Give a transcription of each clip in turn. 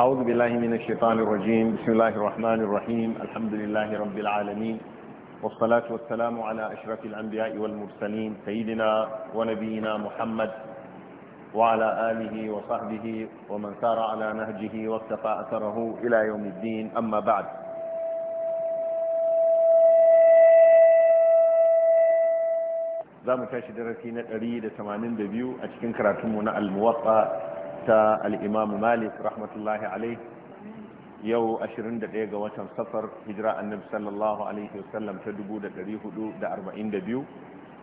أعوذ بالله من الشيطان الرجيم بسم الله الرحمن الرحيم الحمد لله رب العالمين والصلاة والسلام على أشرف الأنبياء والمرسلين سيدنا ونبينا محمد وعلى آله وصحبه ومن سار على نهجه واقتفى أثره إلى يوم الدين أما بعد za mu tashi darasi na 182 a cikin karatunmu ta al'imamu malik rahmatullahi alai yau 21 ga watan safar hijira annabi sallallahu alaihi wasallam ta 442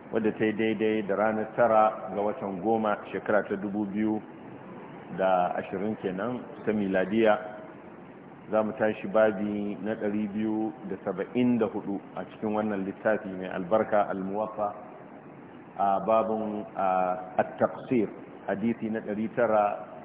wadda ta yi daidai da ranar tara ga watan goma shekara ta 2020 kenan ta miladiya za mu tashi babi na 274 a cikin wannan littafi mai albarka almuwafa a babin a taksir hadisi na tara.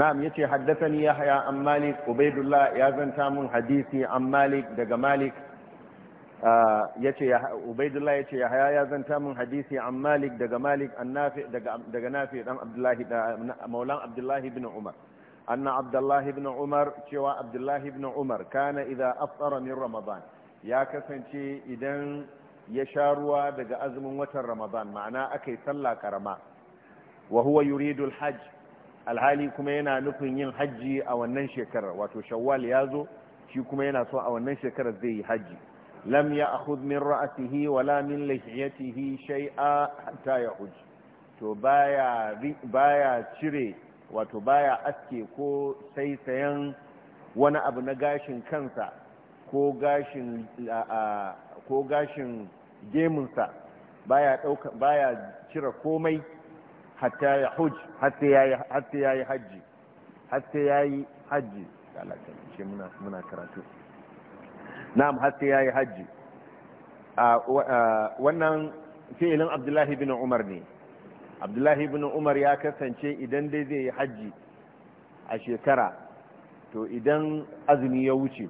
na'am yace haddathani yahya an malik ubaidullah ya zanta mun hadisi an malik daga malik ah, yace ubaidullah yace yahya ya zanta mun hadisi an malik daga malik annafi daga daga nafi dan abdullahi maulan abdullahi ibn umar anna abdullahi ibn umar cewa abdullahi ibn umar kana idza afṭara min ramadan ya kasance idan ya sha ruwa daga azumin watan ramadan ma'ana akai sallah karama wa huwa yuridu hajj alhali kuma yana nufin yin hajji a wannan shekarar wato shawwal ya zo shi kuma yana so a wannan shekarar zai yi hajji lam ya akhud min ra'atihi wala min lihiyatihi shay'a hatta yahuj to baya baya cire wato baya aske ko sai sayan wani abu na gashin kansa ko gashin ko gashin gemunsa baya dauka baya cire komai hatta ya huj hatta yayi hatta yayi haji hatta yayi haji Allah ta ce muna muna karatu na'am hatta yayi haji wannan fi'ilin Abdullahi bin Umar ne Abdullahi bin Umar ya kasance idan dai zai yi hajji a shekara to idan azumi ya wuce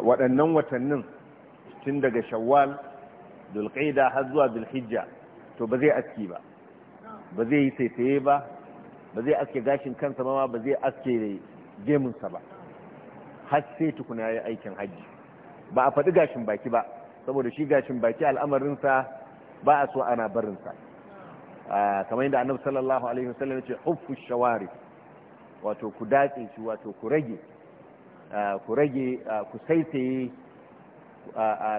waɗannan watannin tun daga shawwal dulqaida har zuwa dulhijja to ba zai aski ba ba zai yi saisaye ba ba zai aske gashin kansa ba ba zai aske gemunsa ba har sai tukuna ya aikin hajji ba a faɗi gashin baki ba saboda shi gashin baki al'amarinsa ba a so ana barinsa kamar yadda annabi sallallahu alaihi wasallam ce huffu shawari wato ku datse shi wato ku rage ku rage ku saisaye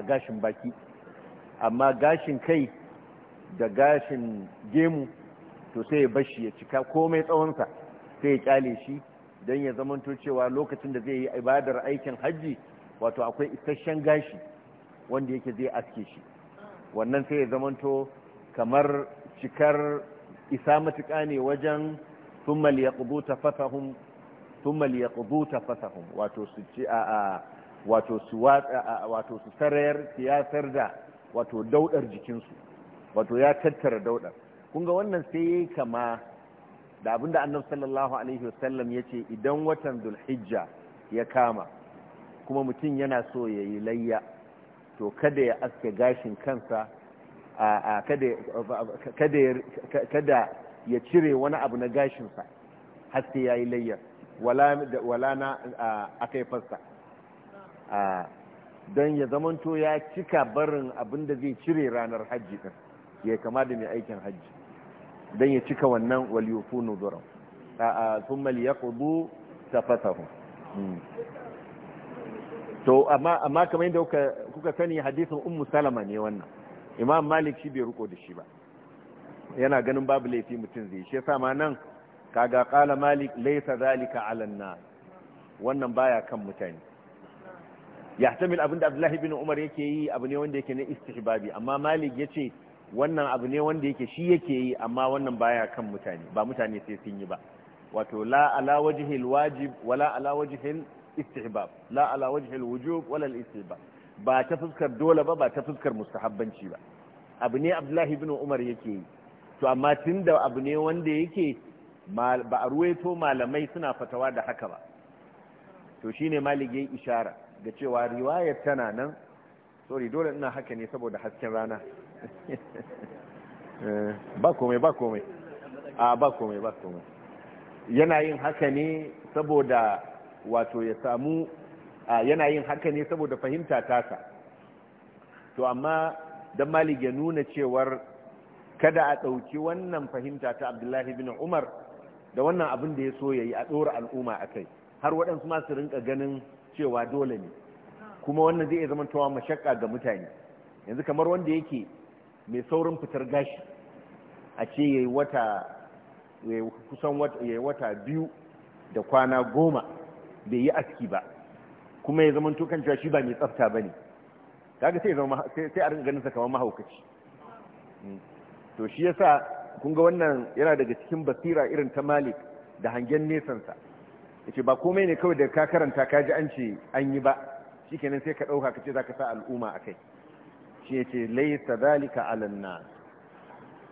gashin baki amma gashin kai da gashin gemu to sai ya bashi ya cika komai tsawonsa sai ya kyale shi don ya zamanto cewa lokacin da zai yi ibadar aikin hajji wato akwai isasshen gashi wanda yake zai aske shi wannan sai ya zamanto kamar cikar isa matuƙa ne wajen thumma liyaqudu tafatahum thumma wato su ci a wato su sarayar siyasar da wato daudar jikinsu wato ya tattara daudar kun ga wannan sai yi kama da abinda annabi sallallahu alaihi wasallam ce idan watan dulhijja ya kama kuma mutum yana so ya yi layya to kada ya aske gashin kansa a kada ya cire wani abu na gashinsa har sai yi layyar wala na akai don ya zamanto ya cika barin abin da zai cire ranar hajji ɗin ya kama da mai aikin hajji dan ya cika wannan wal yufu sun a thumma liyaqdu tafatahum hmm. to amma amma kamar yadda kuka kuka sani hadisin ummu salama ne wannan imam malik shi bai ruko da shi ba yana ganin babu laifi mutum zai shi yasa ma nan kaga qala malik laysa zalika ala nas wannan baya kan mutane yahtamil abinda abdullahi bin umar yake yi abu ne wanda yake na istihbabi amma malik yace wannan abu ne wanda yake shi yake yi amma wannan baya kan mutane ba mutane sai sun yi ba wato la ala wajhil wajib wala ala wajhil istihbab la ala wajhil wujub wala al istihbab ba ta fuskar dole ba ba ta fuskar mustahabbanci ba abu ne abdullahi ibn umar yake yi to amma tunda abu ne wanda yake ba a ruwaito malamai suna fatawa da haka ba to shine malik yayi ishara ga cewa riwayar tana nan sorry dole ina haka ne saboda hasken rana Eh, ba komai ba komai a ba komai ba komai yana yin haka ne saboda wato ya samu yana yin haka ne saboda fahimta tasa to amma don malik ya nuna cewar kada a ɗauki wannan fahimta ta abdullahi bin umar da wannan abin da ya so ya yi a ɗora al'umma a kai har waɗansu masu rinka ganin cewa dole ne kuma wannan zai zama tawa mashakka ga mutane yanzu kamar wanda yake mai saurin fitar gashi a ce ya yi wata kusan wata biyu da kwana goma bai yi aski ba kuma ya zama tukan cewa shi ba mai tsafta ba ne kaga sai a rin ganin sa kamar mahaukaci to shi yasa kun ga wannan yana daga cikin basira irin ta malik da hangen nesansa ya ce ba komai ne kawai da ka karanta ka ji an ce an yi ba kenan sai ka ɗauka ka ce ka sa al'umma a kai. shi ya ce laisa dalika alan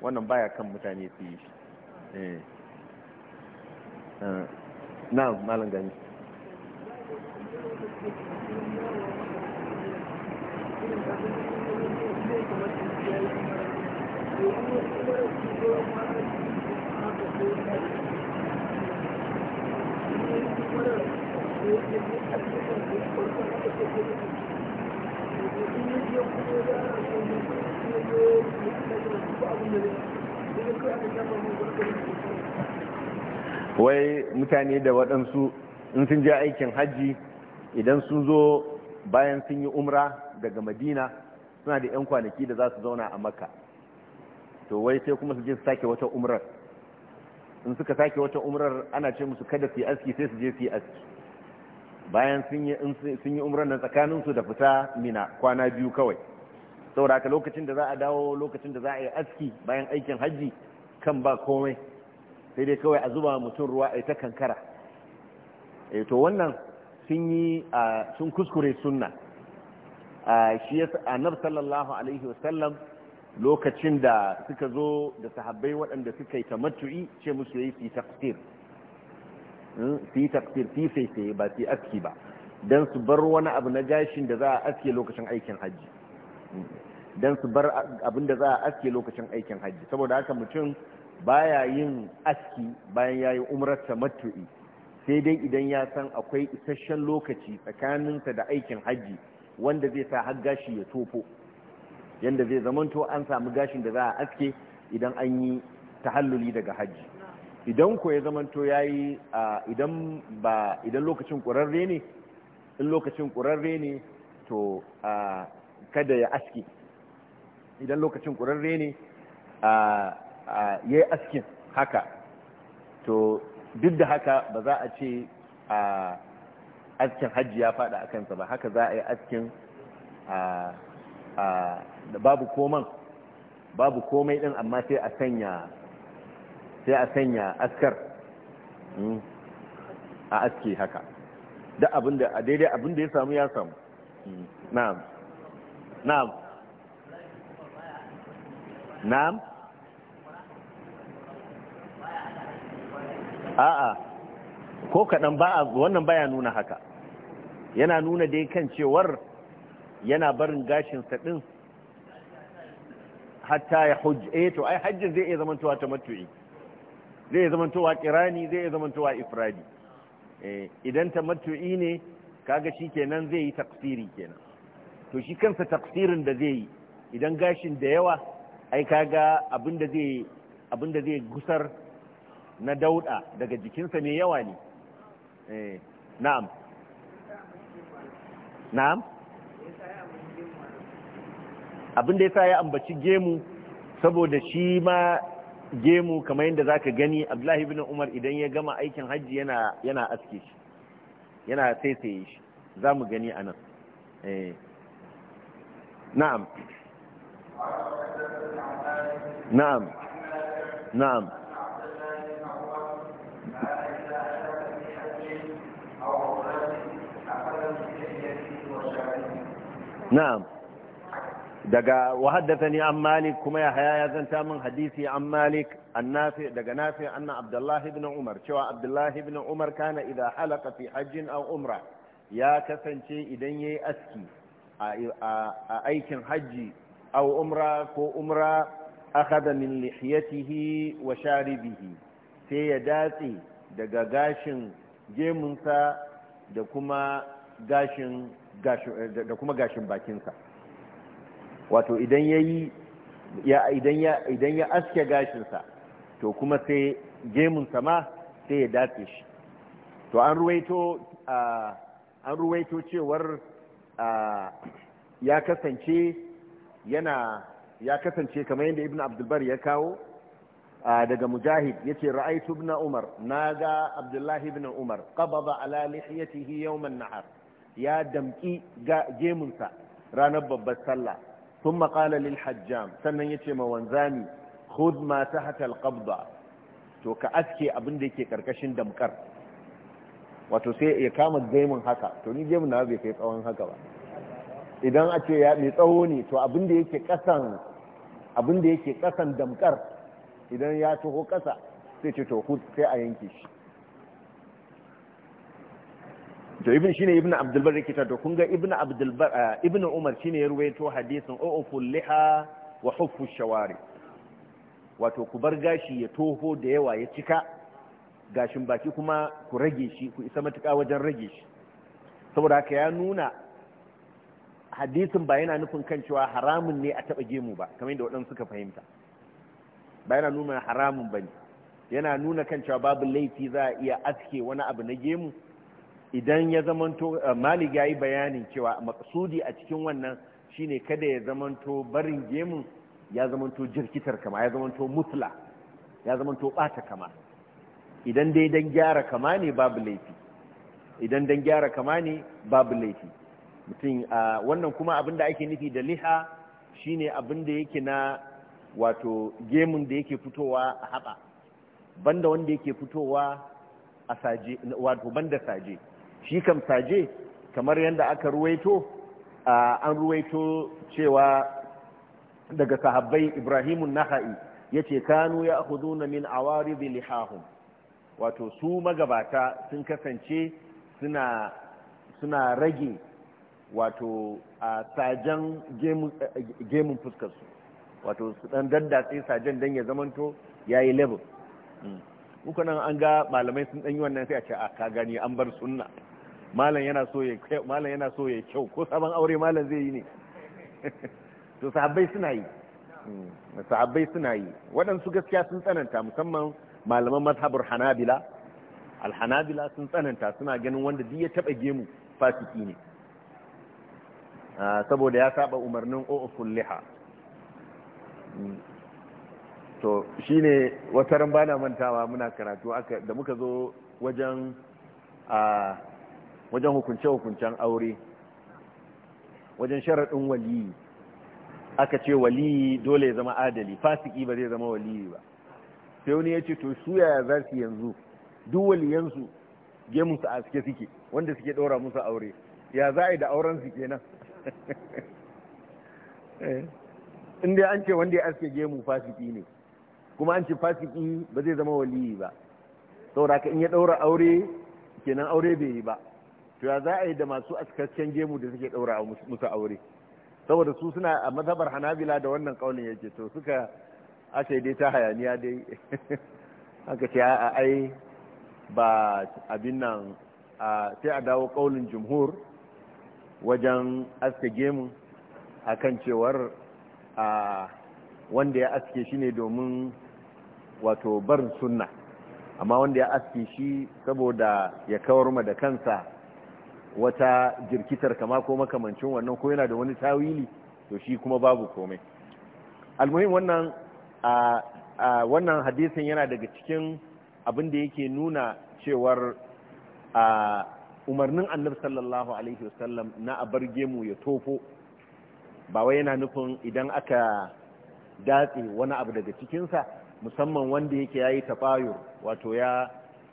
wannan baya kan mutane su yi shi eh. eh. na malam gani Thank you. wai mutane da waɗansu in sun je aikin hajji idan sun zo bayan sun yi umra daga madina suna da 'yan kwanaki da za su zauna a makka to wai sai kuma su je su sake wata umrar in suka sake wata umrar ana ce musu kada su yi aski sai su je su yi aski bayan sun yi umrar nan tsakaninsu da fita mina kwana biyu kawai saboda lokacin da za a dawo lokacin da za a yi aski bayan aikin hajji kan ba komai sai dai kawai a zuba mutum ruwa a ta kankara e to wannan sun yi sun kuskure sunna shi ya annab sallallahu alaihi wasallam lokacin da suka zo da sahabbai waɗanda suka yi tamattu'i ce musu yayi fi taqsir fi yi fi su yi ba su aski ba don su bar wani abu na gashin da za a aske lokacin aikin hajji don su bar abin da za a aske lokacin aikin hajji saboda haka mutum baya yin aski bayan yayi yi matu'i matu'i sai dai idan ya san akwai isasshen lokaci tsakaninsa da aikin hajji wanda zai sa har gashi ya tofo yanda zai zamanto an samu gashin da za a aske idan an yi tahalluli daga hajji idan ko ya zamanto yayi idan idan lokacin kurarre ne in lokacin ƙurarre ne to kada ya aski idan lokacin ƙurarre ne ya yi askin haka to duk da haka ba za a ce askin hajji ya fada a kansa ba haka za a yi askin babu koman babu komai din amma sai a sanya sai a sanya askar hmm, a aske haka da abinda a daidai abinda ya samu ya samu hmm, na'am na'am na'am a'a ko kaɗan ba wannan baya nuna haka yana nuna dai kan cewar yana barin gashinsa ɗin hatta ya hujje eh to ai hajjin zai iya zamantowa ta matu'i zai zama towa kirani zai zama towa ifradi eh, idan ta matu'i ne kaga shi kenan zai yi taksiri kenan to shi kansa taksirin da zai yi idan gashin da yawa ai kaga abinda zai abinda zai gusar na dauda daga jikinsa ne yawa ne eh na'am na'am abinda yasa ya ambaci gemu saboda shi ma gemu kamar yadda za ka gani abdullahi bin umar idan ya gama aikin hajji yana aske shi yana saisaye shi za mu gani a nan eh. na'am na'am na'am na'am daga wahaddathani an malik kuma ya haya ya zanta min hadisi an malik daga nafi anna Abdullahi ibn umar cewa Abdullahi ibn umar kana idza halaqa fi hajjin aw umra ya kasance idan yayi aski a aikin hajji aw umra ko umra akhadha min lihiyatihi wa sharibihi sai ya datse daga gashin gemunsa da kuma gashin da kuma gashin bakinsa wato idan ya yi idan ya aske gashinsa to kuma sai gemunsa ma sai ya dace shi to an ruwaito cewar ya kasance yana ya kasance kamar yadda ibn abdulbar ya kawo daga mujahid ya ce ra'aitu ibn umar na ga abdullahi ibn umar qabada ala lihiyatihi yawman nahar ya damƙi gemunsa ranar babbar sallah ثم قال للحجام sannan yace ma wanzani khudh ma tahta alqabda to ka aske abin da yake karkashin damkar wato sai ya kama gaimin haka to ni gaimin na bai kai tsawon haka ba idan a ce ya mai tsawo ne to abin da yake kasan abin yake kasan damkar idan ya taho kasa sai ce to sai a yanke shi to ibn shine ibn abdul bar rikita to kun ga ibn abdul bar ibn umar shine ya ruwaito hadisin ufu liha wa huffu shawari wato ku bar gashi ya toho da yawa ya cika gashin baki kuma ku rage shi ku isa matuƙa wajen rage shi saboda haka ya nuna hadisin ba yana nufin kan cewa haramun ne a taɓa gemu ba kamar yadda waɗansu suka fahimta ba yana nuna haramun ba ne yana nuna kan cewa babu laifi za a iya aske wani abu na gemu idan ya zamanto eh, malik ya yi bayanin cewa maksudi a cikin wannan shine kada ya zamanto barin gemun ya zamanto jirkitar kama ya zamanto mutla ya zamanto bata kama idan dai dan gyara kama ne babu laifi idan dan gyara kama ne babu laifi mutum wannan kuma abin da ake nufi da liha shine abin da yake na wato gemun da yake fitowa a haɓa banda wanda yake fitowa a saje wato banda saje shi kam saje kamar yadda aka ruwaito an ruwaito cewa daga sahabbai ibrahimun naha'i ya ce kanu ya huduna min awaribi lihahum wato su magabata sun kasance suna rage wato a sajen gemun fuskarsu wato su dan daddatse sajen don ya zamanto ya yi level hmm. muku an ga malamai sun yi wannan sai a ce a ka gani an bar sunna malam yana so ya malam yana so ya kyau ko sabon aure malam zai yi ne to sahabbai suna yi hmm, sahabbai suna yi waɗansu gaskiya sun tsananta musamman malaman mazhabar hanabila alhanabila sun tsananta suna ganin wanda duk ya taɓa gemu fasiki ne ah, saboda ya saba umarnin o'ofun liha hmm. to shine ne wataran bana mantawa muna karatu da muka zo wajen a ah, wajen hukunce-hukuncen aure wajen sharaɗin waliyi aka ce waliyi dole ya zama adali fasiki ba zai zama waliyi ba sai wani ya ce to su yaya za su yanzu duk waliyansu gemunsu a suke suke wanda suke ɗora musu aure ya za a yi da aurensu kenan eh. inda an ce wanda ya aske gemu fasiki ne kuma an ce fasiki ba zai zama waliyi ba saboda in ya ɗaura aure kenan aure bai yi ba to ya za a yi da masu askakken gemu da suke daura musu aure saboda su suna a mazhabar hanabila da wannan kaulin yake to suka aka dai ta hayaniya dai aka ce a ai ba abin nan sai a dawo kaulin jumhur wajen aske gemu a kan cewar wanda ya aske shi ne domin wato barin sunna amma wanda ya aske shi saboda ya kawar ma da kansa wata jirkitar kama ko makamancin wannan ko yana da wani tawili to shi kuma babu komai almuhim wannan a wannan hadisin yana daga cikin abin da yake nuna cewar a umarnin annabi sallallahu alaihi wasallam na a bar gemu ya tofo ba wai yana nufin idan aka datse wani abu daga cikinsa musamman wanda yake ya yi tafayo wato ya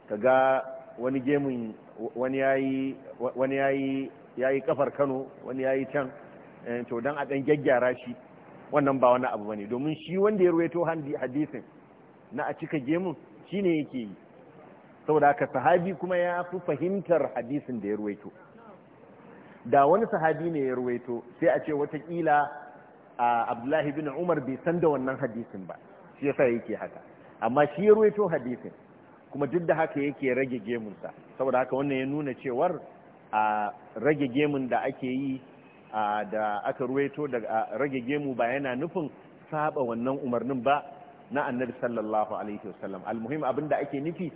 kaga wani gemun wani ya yi kafar Kano wani ya yi can eh, to dan a dan gyaggyara shi wannan ba wani abu bane domin shi wanda ya ruwaito hadisin na a cika gemun shine yake yi saboda haka sahabi kuma ya fi fahimtar hadisin da ya ruwaito da wani sahabi ne ya ruwaito sai a ce watakila a abdullahi bin umar bai san da wannan hadisin ba shi yasa yake haka amma shi ya ruwaito hadisin kuma duk da haka yake rage gemunsa saboda haka wannan ya nuna cewar a rage gemun da ake yi da aka ruwaito da rage gemu ba yana nufin saba wannan umarnin ba na annabi sallallahu alaihi wasallam almuhim abin da ake nufi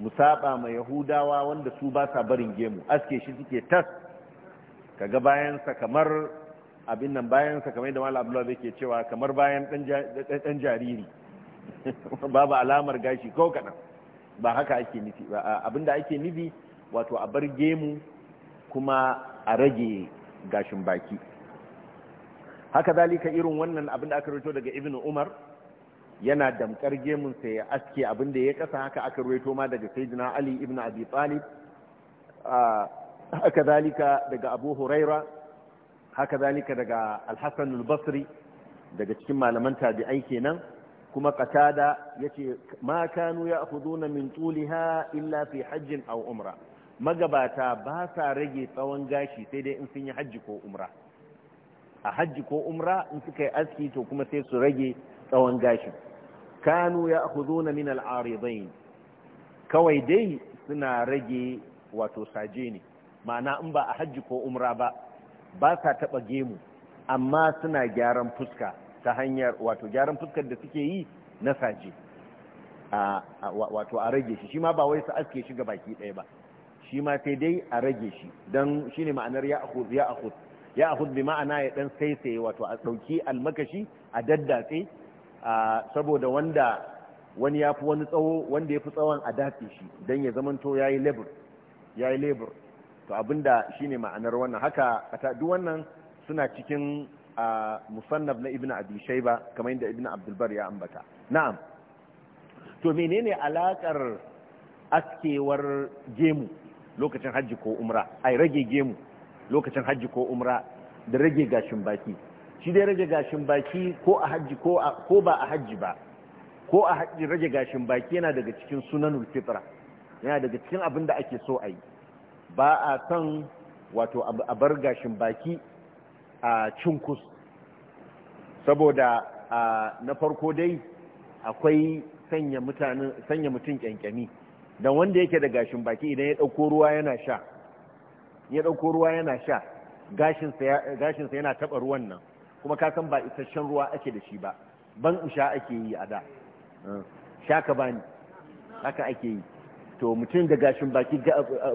musaba ma yahudawa wanda su ba sa barin gemu aske shi suke tas kaga bayan sa kamar abin nan bayan sa kamar da mallam abdullahi yake cewa kamar bayan dan jariri babu alamar gashi ko kadan ba haka ake nufi ba abinda ake nufi wato a bar gemu kuma a rage gashin baki haka zalika irin wannan abinda aka rito daga ibn umar yana damkar gemun sai ya aske abinda ya kasa haka aka rito ma daga sayyidina ali ibn abi talib haka zalika daga abu huraira haka zalika daga al-hasan al-basri daga cikin malaman tabi'ai kenan kuma qatada yace ma kanu ya'khuduna min tuliha illa fi hajjin aw umra magabata ba sa rage tsawon gashi sai dai in sun yi hajji ko umra a hajji ko umra in suka yi aski to kuma sai su rage tsawon gashi kanu ya'khuduna min al-aridain kawai dai suna rage wato saje ne ma'ana in ba a hajji ko umra ba ba sa taba gemu amma suna gyaran fuska ta hanyar wato gyaran fuskar da suke yi na saje a wato a rage shi shi ma ba wai su aske shi ga baki ɗaya ba shi ma sai dai a rage shi don shi ne ma'anar ya akhud ya akhud ya akhud bi ma'ana ya dan saisaye wato a ɗauki almakashi a daddatse saboda wanda wani ya fi wani tsawo wanda ya fi tsawon a datse shi don ya zamanto ya yi lebur ya yi lebur to abinda shi ne ma'anar wannan haka duk wannan suna cikin a musannaf na ibn abi shayba kamar yadda ibn abdulbar ya ambata na'am to menene alakar askewar gemu lokacin hajji ko umra ai rage gemu lokacin hajji ko umra da rage gashin baki shi dai rage gashin baki ko a hajji ko ba a hajji ba ko a hajji rage gashin baki yana daga cikin sunanul fitra yana daga cikin abin da ake so a yi ba a san wato a bar gashin baki a cunkus saboda na farko dai akwai sanya mutum kyankyami don wanda yake da gashin baki idan ya ɗauko ruwa yana sha ya ɗauko ruwa yana sha gashinsa yana taɓa ruwan nan kuma ka san ba isasshen ruwa ake da shi ba ban isha ake yi a da sha ka bani haka ake yi to mutum da gashin baki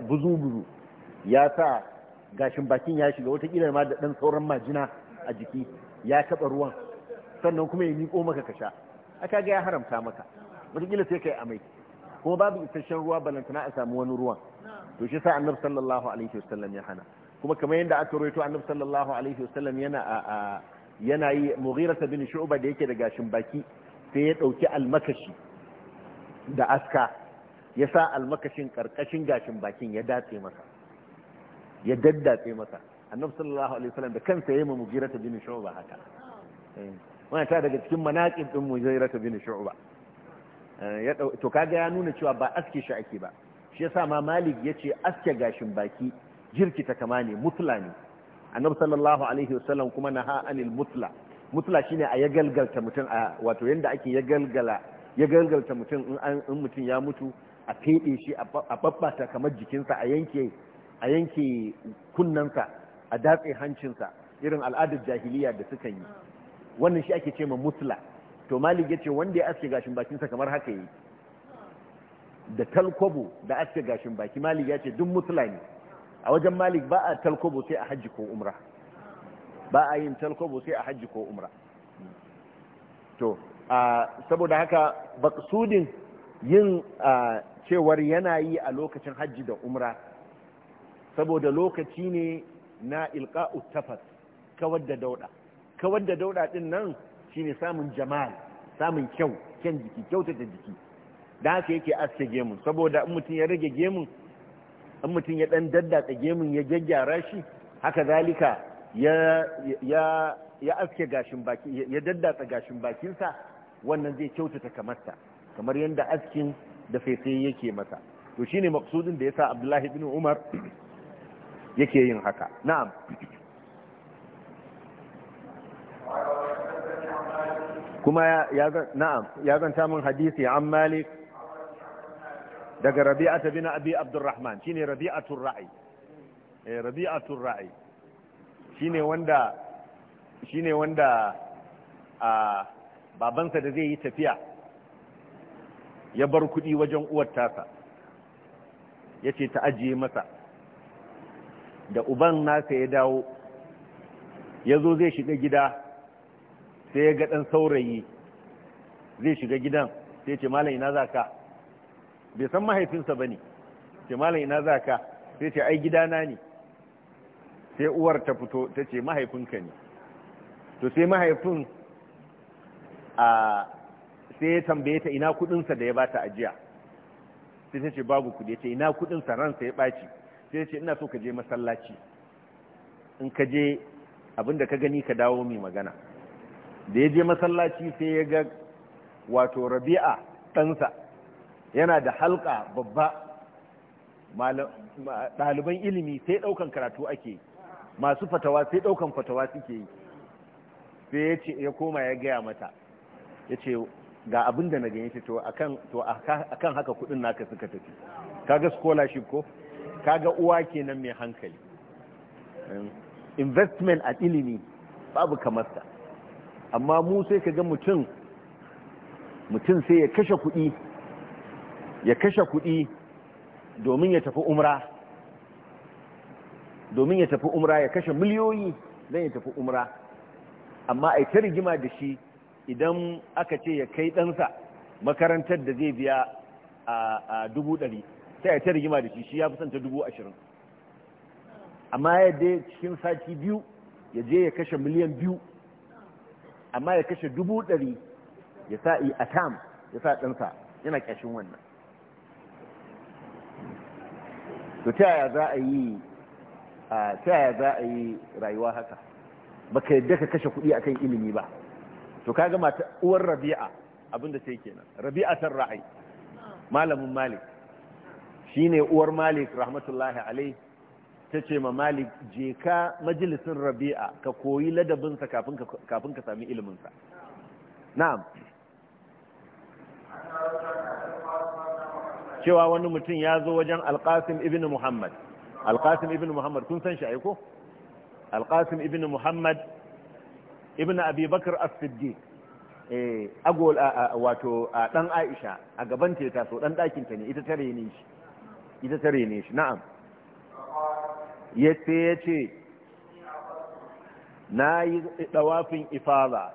buzu-buzu ya sa gashin bakin ya shiga watakila ma da ɗan sauran majina a jiki ya taɓa ruwan sannan kuma ya miko maka ka sha aka ga ya haramta maka watakila sai ka yi amai kuma babu isasshen ruwa balantana a samu wani ruwan to shi sa annabi sallallahu alaihi wasallam ya hana kuma kamar yadda aka rawaito annabi sallallahu alaihi wasallam yana a yana yi mughira bin shu'ba da yake da gashin baki sai ya dauki almakashi da aska ya sa almakashin karkashin gashin bakin ya datse masa ya daddatse masa annabi sallallahu alaihi wasallam da kansa yayi ma mugirata bin shu'ba haka eh, wannan ta daga cikin manaqib din mugirata bin shu'ba eh, ya to kaga ya nuna cewa ba aske shi ake ba shi yasa ma malik yace aske gashin baki jirkita kama ne mutla ne annabi sallallahu alaihi wasallam kuma naha anil mutla mutla shine a yagalgalta mutum a wato yanda ake yagalgala yagalgalta mutum in mutum ya mutu a fede shi a babbata kamar jikinsa a yanke a yanke kunnansa a datse hancinsa irin al'adar jahiliya da suka yi wannan shi ake ce ma musla to malik ya ce wanda ya aske gashin bakinsa kamar haka yi da talkobo da aske gashin baki malik ya ce duk musla ne a wajen malik ba a talkobo sai a hajji ko umra ba a yin talkobo sai a hajji ko umra to saboda haka baksudin yin cewar yana yi a lokacin hajji da umra saboda lokaci ne na ilqa'u tafas kawar da dauda kawar da dauda din nan shine samun jamal samun kyau kyan jiki kyautata jiki da haka yake aske gemun saboda in mutum ya rage gemu, in mutum ya dan daddatsa gemun ya gyaggyara shi haka zalika ya ya ya aske gashin baki ya daddatsa gashin bakinsa wannan zai kyautata kamarsa kamar yadda askin da faifai yake masa to shine maksudin da yasa Abdullahi bin Umar yake yin haka na'am kuma ya zanta min hadisi an malik daga rabi'ata bin abi abdurrahman shine rabi'atul ra'i eh rabi'atul ra'i shine wanda shine wanda a babansa da zai yi tafiya ya bar kuɗi wajen uwar tasa yace ta ajiye masa da uban nasa ya dawo ya zo zai shiga gida sai ya ga ɗan saurayi zai shiga gidan sai ce malam ina za bai san mahaifinsa ba ne ce malam ina za ka sai ce ai gidana ne sai uwar ta fito ta ce mahaifinka ne to sai mahaifin a sai ya tambaye ta ina kudinsa da ya bata ajiya sai ta ce babu kudi ya ce ina kudinsa ransa ya ɓaci sai ce ina so ka je masallaci in ka je abinda ka gani ka dawo mai magana da ya je masallaci sai ya ga wato rabi'a ɗansa yana da halka babba ɗaliban ilimi sai ɗaukan karatu ake masu fatawa sai ɗaukan fatawa suke yi sai ya ce ya koma ya gaya mata ya ce ga abinda na na shi to akan haka kudin naka suka tafi ka ga scholarship ko kaga uwa kenan mai hankali investment a ilimi babu kamarsa amma mu sai ka ga mutum mutum sai ya kashe kuɗi ya kashe kuɗi domin ya tafi umra domin ya tafi umra ya kashe miliyoyi don ya tafi umra amma a ta rigima da shi idan aka ce ya kai ɗansa makarantar da zai biya a dubu ɗari Ta yi ta rigima da shi shi ya fi son ta dubu ashirin amma ya dai cikin sati biyu ya je ya kashe miliyan biyu amma ya kashe dubu ɗari ya sa a tam ya sa ɗansa yana ƙyashin wannan to ta yaya za a yi ta yaya za a yi rayuwa haka ba ka yadda ka kashe kuɗi akan ilimi ba to gama ta uwar rabi'a abinda sai kenan rabi'a tar ra'ayi malamin malik shine uwar malik rahmatullahi alai ta ce ma malik je ka majalisin rabi'a ka koyi ladabinsa kafin ka sami iliminsa na'am cewa wani mutum ya zo wajen alkasim ibn muhammad alkasim ibn muhammad kun san shi aiko alkasim ibn muhammad ibn abubakar as-siddiq eh, wato dan aisha a gaban teta so dan ne ita tare ne shi ita ta rene shi na'am ya ce ya ce na yi ɗawafin ifala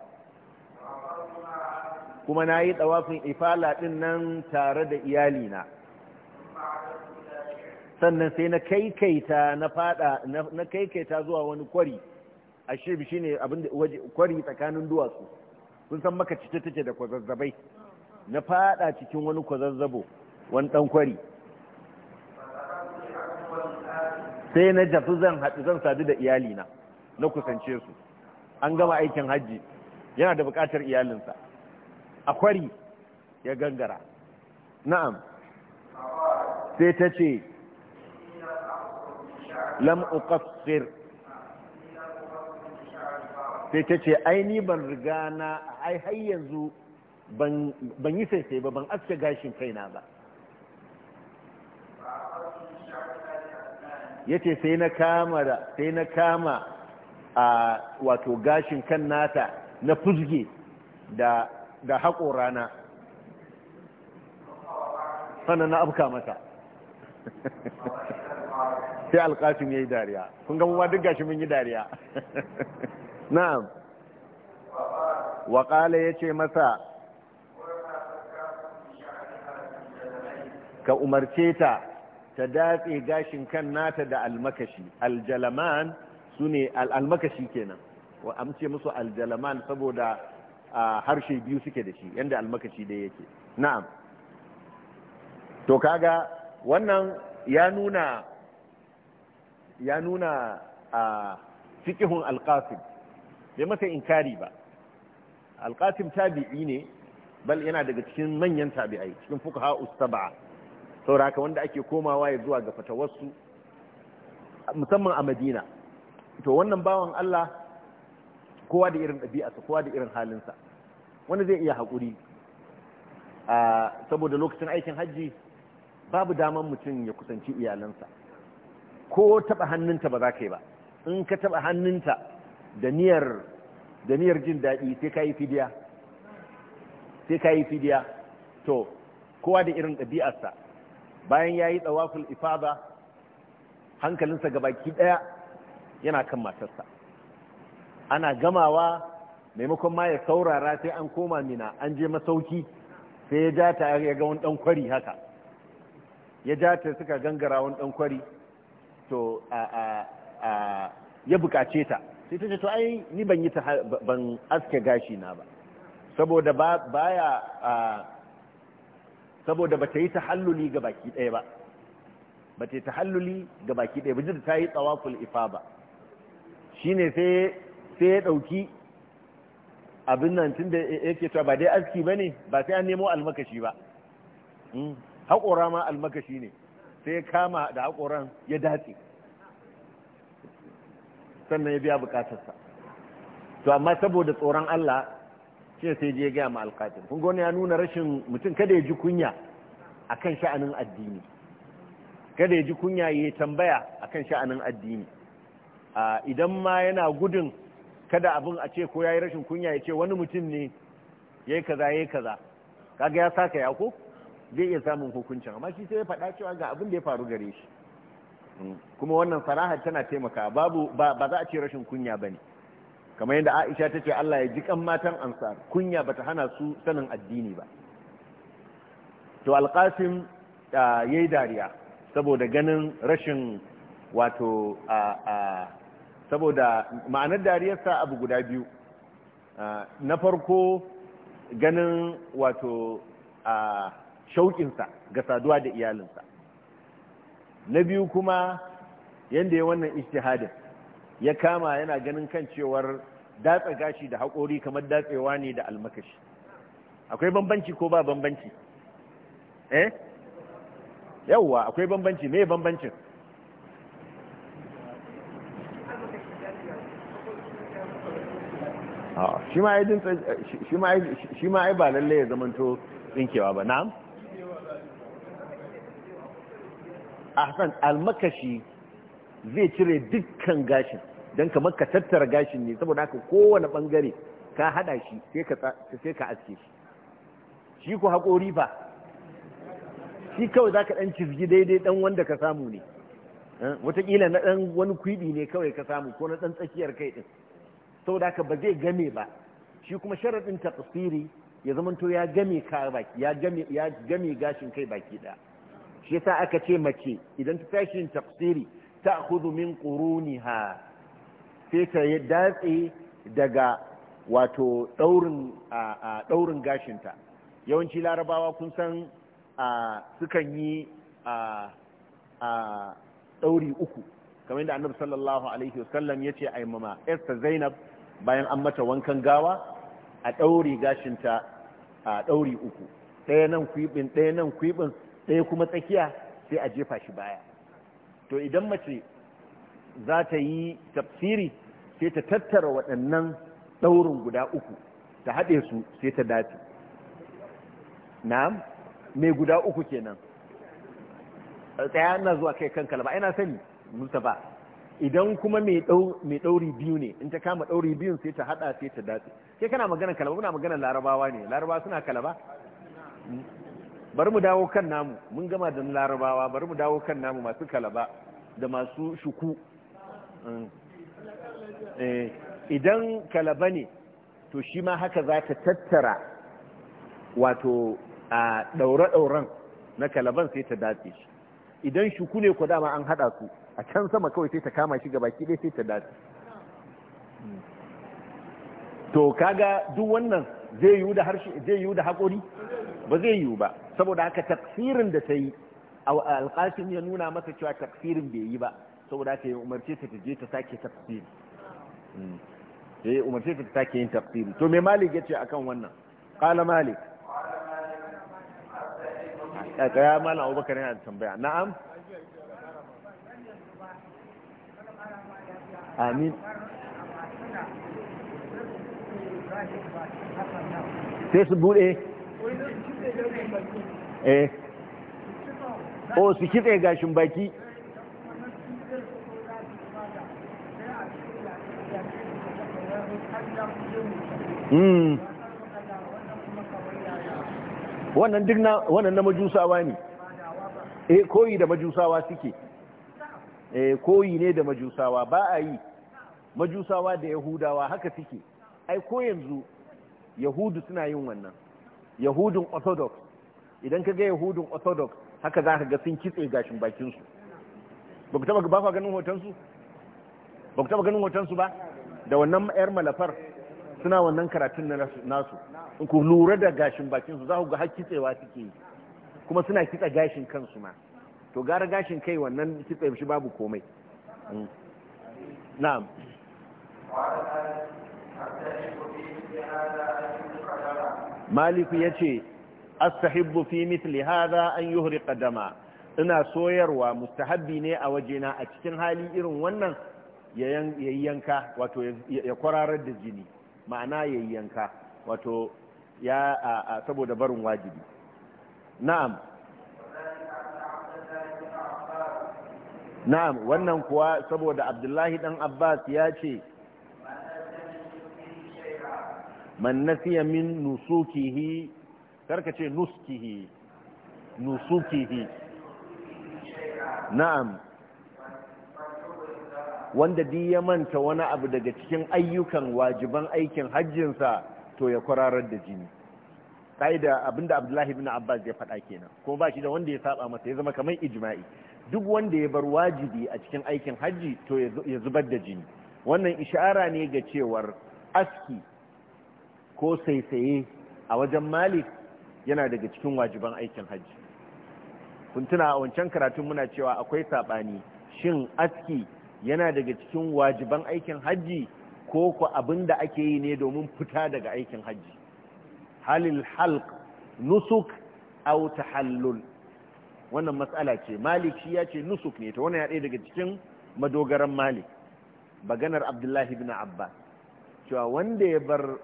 kuma na yi ɗawafin ifala ɗin nan tare da iyalina sannan sai na kaikaita na fada na kaikaita zuwa wani kwari a shirbi shi ne kwari tsakanin duwatsu kun san maka cike take da kwazazzabai na fada cikin wani kwazazzabo wani dan kwari sai na tafi zan haɗu zan sadu da iyalina na kusance su an gama aikin hajji yana da buƙatar iyalinsa a kwari ya gangara na'am sai ta ce lam sai ta ce ai ni ban riga na ai har yanzu ban yi sai ba ban aske gashin kaina ba yace sai na kama sai na kama a wato gashin kan nata na fuzge da da rana sannan na afka mata sai alƙashin ya yi dariya kun gama ma duk gashi mun yi dariya na'am waƙala ya ce masa ka umarce ta ta datse gashin kan nata da almakashi aljalaman su almakashi kenan wa amce musu aljalaman saboda harshe biyu suke da shi yadda almakashi da yake na'am to kaga wannan ya nuna ya nuna a fikihun bai masa inkari ba alkafin tabi'i ne bal yana daga cikin manyan tabi'ai cikin fuka ha'us sauraka wanda ake komawa ya zuwa ga fatawarsu musamman a madina to wannan bawan Allah kowa da irin ɗabi'arsa kowa da irin halinsa wanda zai iya haƙuri saboda lokacin aikin hajji babu daman mutum ya kusanci iyalansa ko taɓa hannunta ba za ka yi ba in ka taɓa hannunta da niyar jin daɗi sai ka yi fidiya sai ka yi to kowa da irin ɗabi'arsa bayan ya yi tsawaful ifada hankalinsa ga baki ɗaya yana kan matarsa ana gamawa maimakon ma ya saurara sai an koma mina an je masauki sai ya jata ya ga wani ɗan kwari haka ya jata suka gangara wani ɗan kwari to ya bukace ta sai ta ce to ai ni ban yi ta ban aske gashi na ba saboda ba baya saboda ba ta yi tahalluli ga baki ɗaya ba ba ta yi tahalluli ga baki ɗaya ba jirgin ta yi tsawaful ifa ba shi ne sai ya ɗauki abin nan tun da yake cewa ba dai aski ba ne ba sai an nemo almakashi ba hmm? haƙora ma almakashi ne sai ya kama da haƙoran ya dace sannan ya biya bukatarsa to amma saboda tsoron Allah shi sai je gaya ma alkatin kun gona ya nuna rashin mutum kada ya ji kunya akan sha'anin addini kada ya ji kunya ya tambaya akan sha'anin addini idan ma yana gudun kada abin a ce ko ya yi rashin kunya ya ce wani mutum ne ya yi kaza ya yi kaza kaga ya saka ya ko zai iya samun hukuncin amma shi sai ya faɗa cewa ga abin da ya faru gare shi hmm. kuma wannan sana'a tana taimaka babu ba za a ce rashin kunya ba ne kamar yadda aisha ta ce allah ya ji kan matan ansar kunya bata hana su sanin addini ba to alkasim ya yi dariya saboda ganin rashin wato saboda ma'anar dariyarsa abu guda biyu na farko ganin wato shauƙinsa ga saduwa da iyalinsa na biyu kuma yadda ya wannan ishtihadin ya kama yana ganin kan cewar datsa gashi da haƙori kamar datsewa ne da almakashi akwai bambanci ko ba bambanci eh yawwa akwai bambanci me bambancin shi ma ai ba lalle ya zamanto tsinkewa ba na? ahsan almakashi zai cire dukkan gashin don kamar ka tattara gashin ne saboda haka kowane bangare ka hada shi sai ka aske shi shi ku haƙori ba shi kawai za ka ɗan cizgi daidai ɗan wanda ka samu ne eh, watakila na ɗan wani kwiɗi ne kawai ka samu ko na ɗan tsakiyar kai ɗin saboda haka ba zai game ba shi kuma sharaɗin tafsiri ya zamanto ya game ka ya game gashin kai baki ɗaya shi yasa aka ce mace idan ta tashi tafsiri ta'khudhu min quruniha sai ta datse daga wato ɗaurin gashinta yawanci larabawa kun san sukan yi ɗauri uku kamar yadda annabi sallallahu alaihi wasallam yace ai mama Esther Zainab bayan an mata wankan gawa a dauri gashinta a dauri uku ɗaya nan kwibin ɗaya nan kwibin ɗaya kuma tsakiya sai a jefa shi baya to idan mace za ta yi tafsiri sai ta tattara waɗannan ɗaurin guda uku ta haɗe su sai ta dace na mai guda uku kenan tsaya na zuwa kai kan kalaba ina sani ba, idan kuma mai ɗauri biyu ne in ta kama ɗauri biyun sai ta haɗa sai ta dace sai kana magana kalaba muna magana larabawa ne larabawa suna kalaba bari mu dawo kan namu mun gama da larabawa bari mu dawo kan namu masu kalaba da masu shuku mm. eh, idan kalaba ne to shi ma haka za ta tattara wato a ɗaure-ɗauren na kalaban sai ta dace shi idan shuku ne ku dama an haɗa su a can sama kawai sai ta kama shi gaba ɗaya sai ta dace mm. to kaga duk wannan zai yi da hakori ba zai yiwu ba saboda haka tafsirin da ta yi alƙasim ya nuna masa cewa tafsirin bai yi ba saboda haka ya umarce ta je ta sake tafsiri hmm. ya yi umarce ta sake yin tafsiri to me malik ya ce akan wannan ƙala malik a tsaya malam abubakar yana tambaya na'am amin sai su bude eh o oh, su kitse gashin baki hmm. wannan duk na wannan na majusawa ne eh koyi da majusawa suke eh koyi ne da majusawa ba a yi majusawa da yahudawa haka suke ai ko yanzu yahudu suna yin wannan yahudun orthodox idan ka ga yahudun orthodox haka za ka ga sun kitse gashin bakinsu ba ku taba ba ganin hotonsu ba ku taba ganin hotonsu ba da wannan yar malafar suna wannan karatun nasu in ku lura da gashin bakinsu za ku ga har kitsewa suke yi kuma suna kitsa gashin kansu ma to gara gashin kai wannan kitse shi babu komai mm. na'am maliku ya ce astahibbu fi mitli haza an yuhri qadama ina soyarwa mustahabbi ne a wajena a cikin hali irin wannan ya wato ya kwararar da jini ma'ana ya yanka wato ya saboda barin wajibi na'am na'am wannan kuwa saboda abdullahi dan abbas ya ce man nasiya min nusukihi karka ce nuskihi nusukihi na'am wanda di ya manta wani abu daga cikin ayyukan wajiban aikin hajjinsa to ya kwararar da jini ƙa'ida abinda abdullahi bin abbas ya faɗa kenan kuma ba shi da wanda ya saba masa ya zama kamar ijma'i duk wanda ya bar wajibi a cikin aikin hajji to ya zubar da jini wannan ishara ne ga cewar aski ko saisaye a wajen malik yana daga cikin wajiban aikin hajji kun tuna a wancan karatun muna cewa akwai saɓani shin aski yana daga cikin wajiban aikin hajji ko ku abin da ake yi ne domin fita daga aikin hajji halil halq nusuk aw tahallul wannan matsala ce malik shi ya ce nusuk ne ta wannan ya ɗaya daga cikin madogaran malik Baganar abdullahi ibn abbas cewa wanda ya bar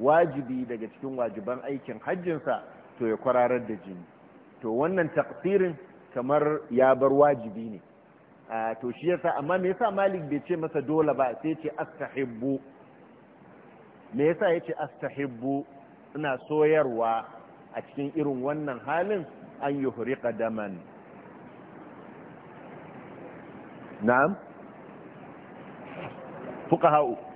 wajibi daga cikin wajiban aikin hajjinsa to ya kwararar da jini to wannan taƙasirin kamar ya bar wajibi ne to shi yasa amma me yasa malik bai ce masa dole ba sai ce astahibbu me yasa yace astahibbu ina soyarwa a cikin irin wannan halin an yuhriqa daman na'am fuqaha'u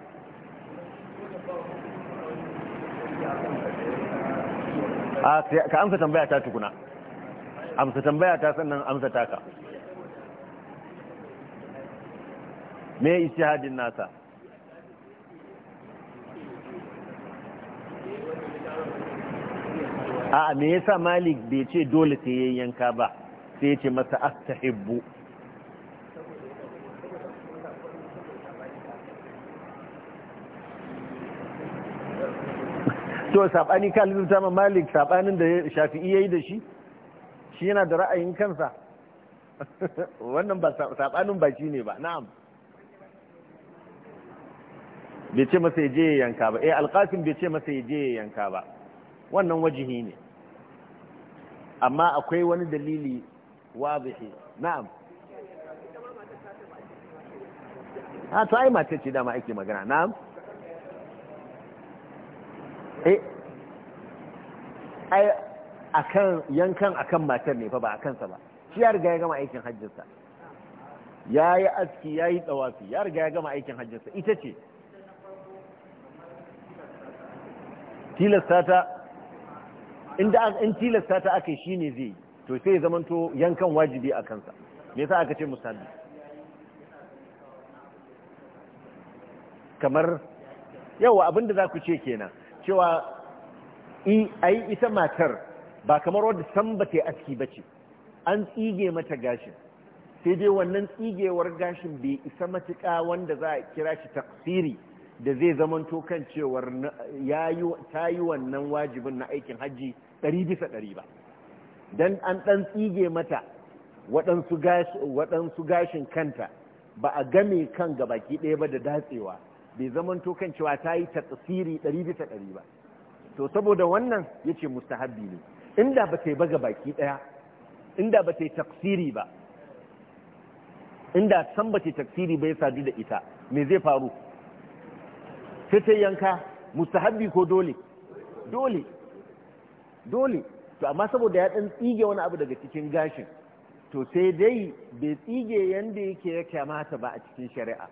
a ka amsa tambaya ta tukuna amsa tambaya ta sannan amsa taka me istihadin nasa a me yasa malik bai ce dole sai yayyanka ba sai ya ce masa astahibbu to sabani ka lizimta ma malik sabanin da shafi'i yayi da shi shi yana da ra'ayin kansa wannan ba sabanin ba shi ne ba na'am bai ce masa je ya yanka ba eh alqasim bai ce masa je ya yanka ba wannan wajihi ne amma akwai wani dalili wazihi na'am ha ah, to ai mace ce da ma ake magana na'am yankan eh. ai akan yankan akan matar ne fa ba a kansa ba shi ya riga ya gama aikin hajjinsa ya yi aski ya yi tsawafi ya riga ya gama aikin hajjinsa ita ce tilasta ta inda in tilasta ta aka shi ne zai to sai zamanto yankan wajibi a kansa me yasa aka ce musalli kamar yawa abinda za ku ce kenan cewa a yi ita matar ba kamar wadda san ba ta aski ba ce an tsige mata gashin sai dai wannan tsigewar gashin bai isa matuƙa wanda za a kira shi tafsiri da zai zamanto kan cewar ta yi wannan wajibin na aikin hajji ɗari bisa ɗari ba don an ɗan tsige mata waɗansu gashin kanta ba a game kan gabaki ɗaya ba da datsewa bai zaman kan cewa ta yi tatsiri ɗari bisa ɗari ba to saboda wannan ya ce mustahabbi ne inda ba ta yi baga baki ɗaya inda ba ta yi ba inda san ba ta yi ba ya sadu da ita me zai faru sai ta yanka mustahabbi ko dole dole dole to amma saboda ya ɗan tsige wani abu daga cikin gashin to sai dai bai tsige yadda yake ya kamata ba a cikin shari'a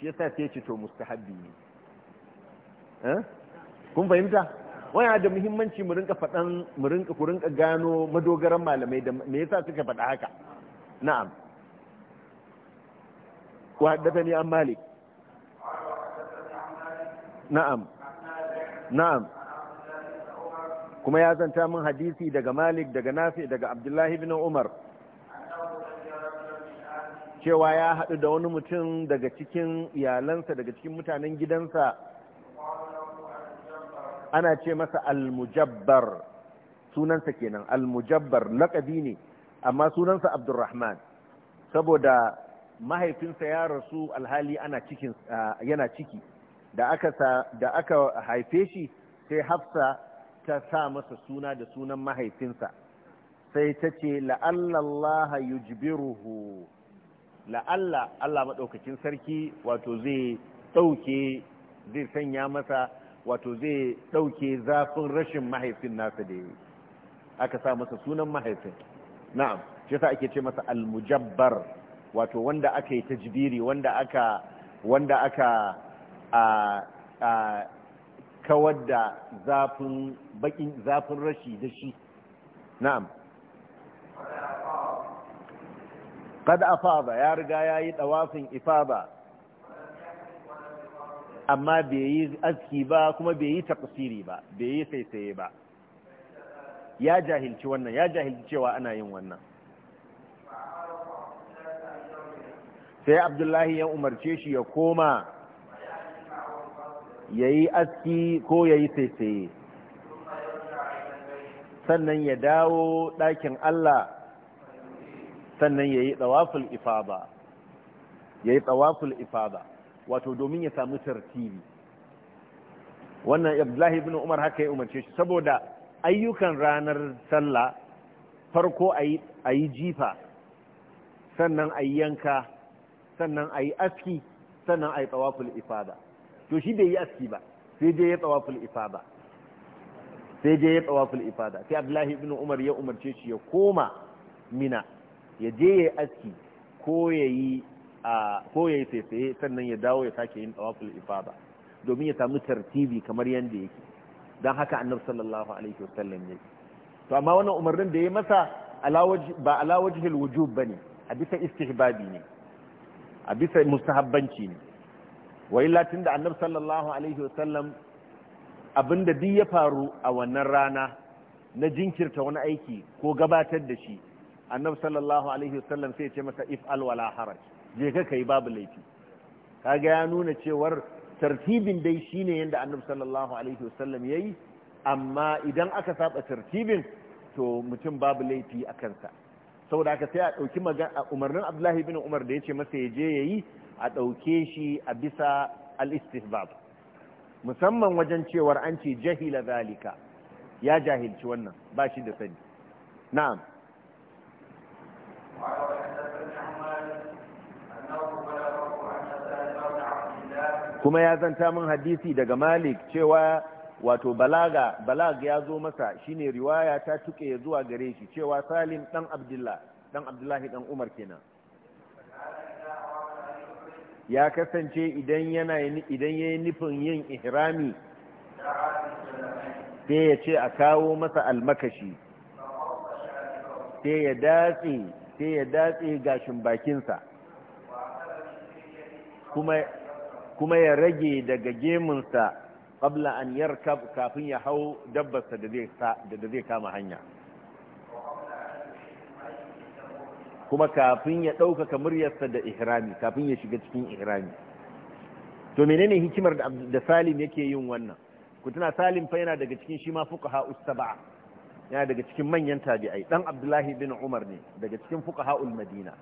shi yasa sai ce to mustahabbi ne kun fahimta wani da muhimmanci mu rinka faɗan mu rinka ku rinka gano madogaran malamai da me yasa suka faɗa haka na'am wa haddathani an malik na'am na'am kuma ya zanta min hadisi daga malik daga nafi daga abdullahi ibn umar cewa ya haɗu da wani mutum daga cikin iyalansa daga cikin mutanen gidansa ana ce masa almujabbar sunansa kenan almujabbar laƙabi ne amma sunansa abdurrahman saboda mahaifinsa ya rasu alhali ana cikin yana ciki da aka da haife shi sai hafsa ta sa masa suna da sunan mahaifinsa sai ta ce la'allallaha yujbiruhu la'alla Allah maɗaukakin sarki wato zai ɗauke zai sanya masa wato zai ɗauke zafin rashin mahaifin nasa da yi aka sa masa sunan mahaifin na'am shi sa ake ce masa almujabbar wato wanda aka yi tajbiri wanda aka wanda aka a a kawar da zafin bakin zafin rashi da shi na'am qad afada ya riga yayi dawafin ifaba amma bai yi aski ba kuma bai yi taqsiri ba bai yi saisaye ba ya jahilci wannan ya jahilci cewa ana yin wannan sai abdullahi ya umarce shi ya koma yayi aski ko yayi saisaye sannan ya dawo dakin Allah sannan ya yi tsawaful ifada ya yi tsawaful ifada wato domin ya samu tartibi wannan abdullahi ibn umar haka ya umarce shi saboda ayyukan ranar sallah farko a yi jifa sannan a yi yanka sannan a yi aski sannan a yi tsawaful ifada to shi bai yi aski ba sai dai ya tsawaful ifada sai dai ya tsawaful ifada sai abdullahi ibn umar ya umarce shi ya koma mina ya je ya aski ko ya yi saisaye sannan ya dawo ya sake yin ifa ifada domin ya samu tartibi kamar yadda yake don haka annabi sallallahu alaihi wasallam ya to amma wannan umarnin da ya masa ba alawajihil wajhil ba ne a bisa istihbabi ne a bisa mustahabbanci ne wai latin da annabi sallallahu alaihi wasallam abinda duk ya faru a wannan rana na jinkirta wani aiki ko gabatar da shi annabi sallallahu alaihi wasallam sai ce masa if al wala haraj je ka kai babu laifi kaga ya nuna cewar tartibin dai shine yanda annabi sallallahu alaihi wasallam yayi amma idan aka saba tartibin to mutum babu laifi a kansa saboda haka sai a ɗauki umarnin abdullahi bin umar da ya ce masa ya je ya yi a ɗauke shi a bisa al-istihbab musamman wajen cewar an ce jahila zalika ya jahilci wannan ba shi da sani na'am kuma ya zanta min hadisi daga malik cewa wato balaga balag ya zo masa shine riwaya ta tuke zuwa gare shi cewa salim dan abdullah dan abdullahi dan umar kenan ya kasance idan yana idan yayi nufin yin ihrami sai ya ce a kawo masa almakashi sai ya datse sai ya datse gashin bakinsa kuma ya rage daga gemunsa ƙabla an yarkab kafin ya hau dabbarsa da zai kama hanya kuma kafin ya ɗaukaka muryarsa da ihrami kafin ya shiga cikin ihrami to menene hikimar da salim yake yin wannan ku salim fa yana daga cikin shi ma fuqaha us yana daga cikin manyan tabi'ai dan abdullahi bin umar ne daga cikin ha'ul madina